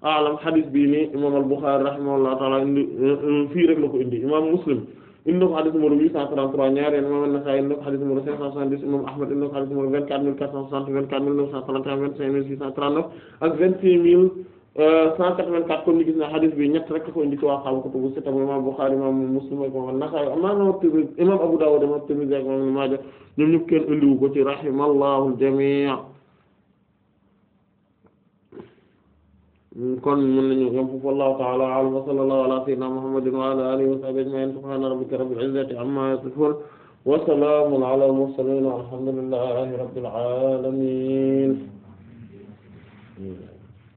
a'lam xadis bii nii imam al-Bukhari rahimahullahu ta'ala indi fii rek la ko indi imam Muslim indi na ko xadis numéro 833 ñaareel imam an-Nasa'i indi na ko xadis numéro 570 imam Ahmad indi na ko xadis numéro 24460 24931 25639 ak 26000 184 comme ni gis na hadith bi ñett rek ko indi ci waa xam kutubu sitta imam Bukhari imam Muslim ak imam An-Nasa'i imam Tirmidhi imam Abu Dawud imam Tirmidhi ak imam Ibn Majah ñoom ñëpp kenn indiwu ko ci rahimallahu al-jami' kon mën nañu yam foofu wallahu ta'ala a'lam wa sallallahu ala sayyidina Muhammadin wa ala alihi wa sahbihi ajma'in subhana rabbika rabbil izzati amma yasifun wa salamun ala
al-mursalin walhamdulillahi rabbil alamin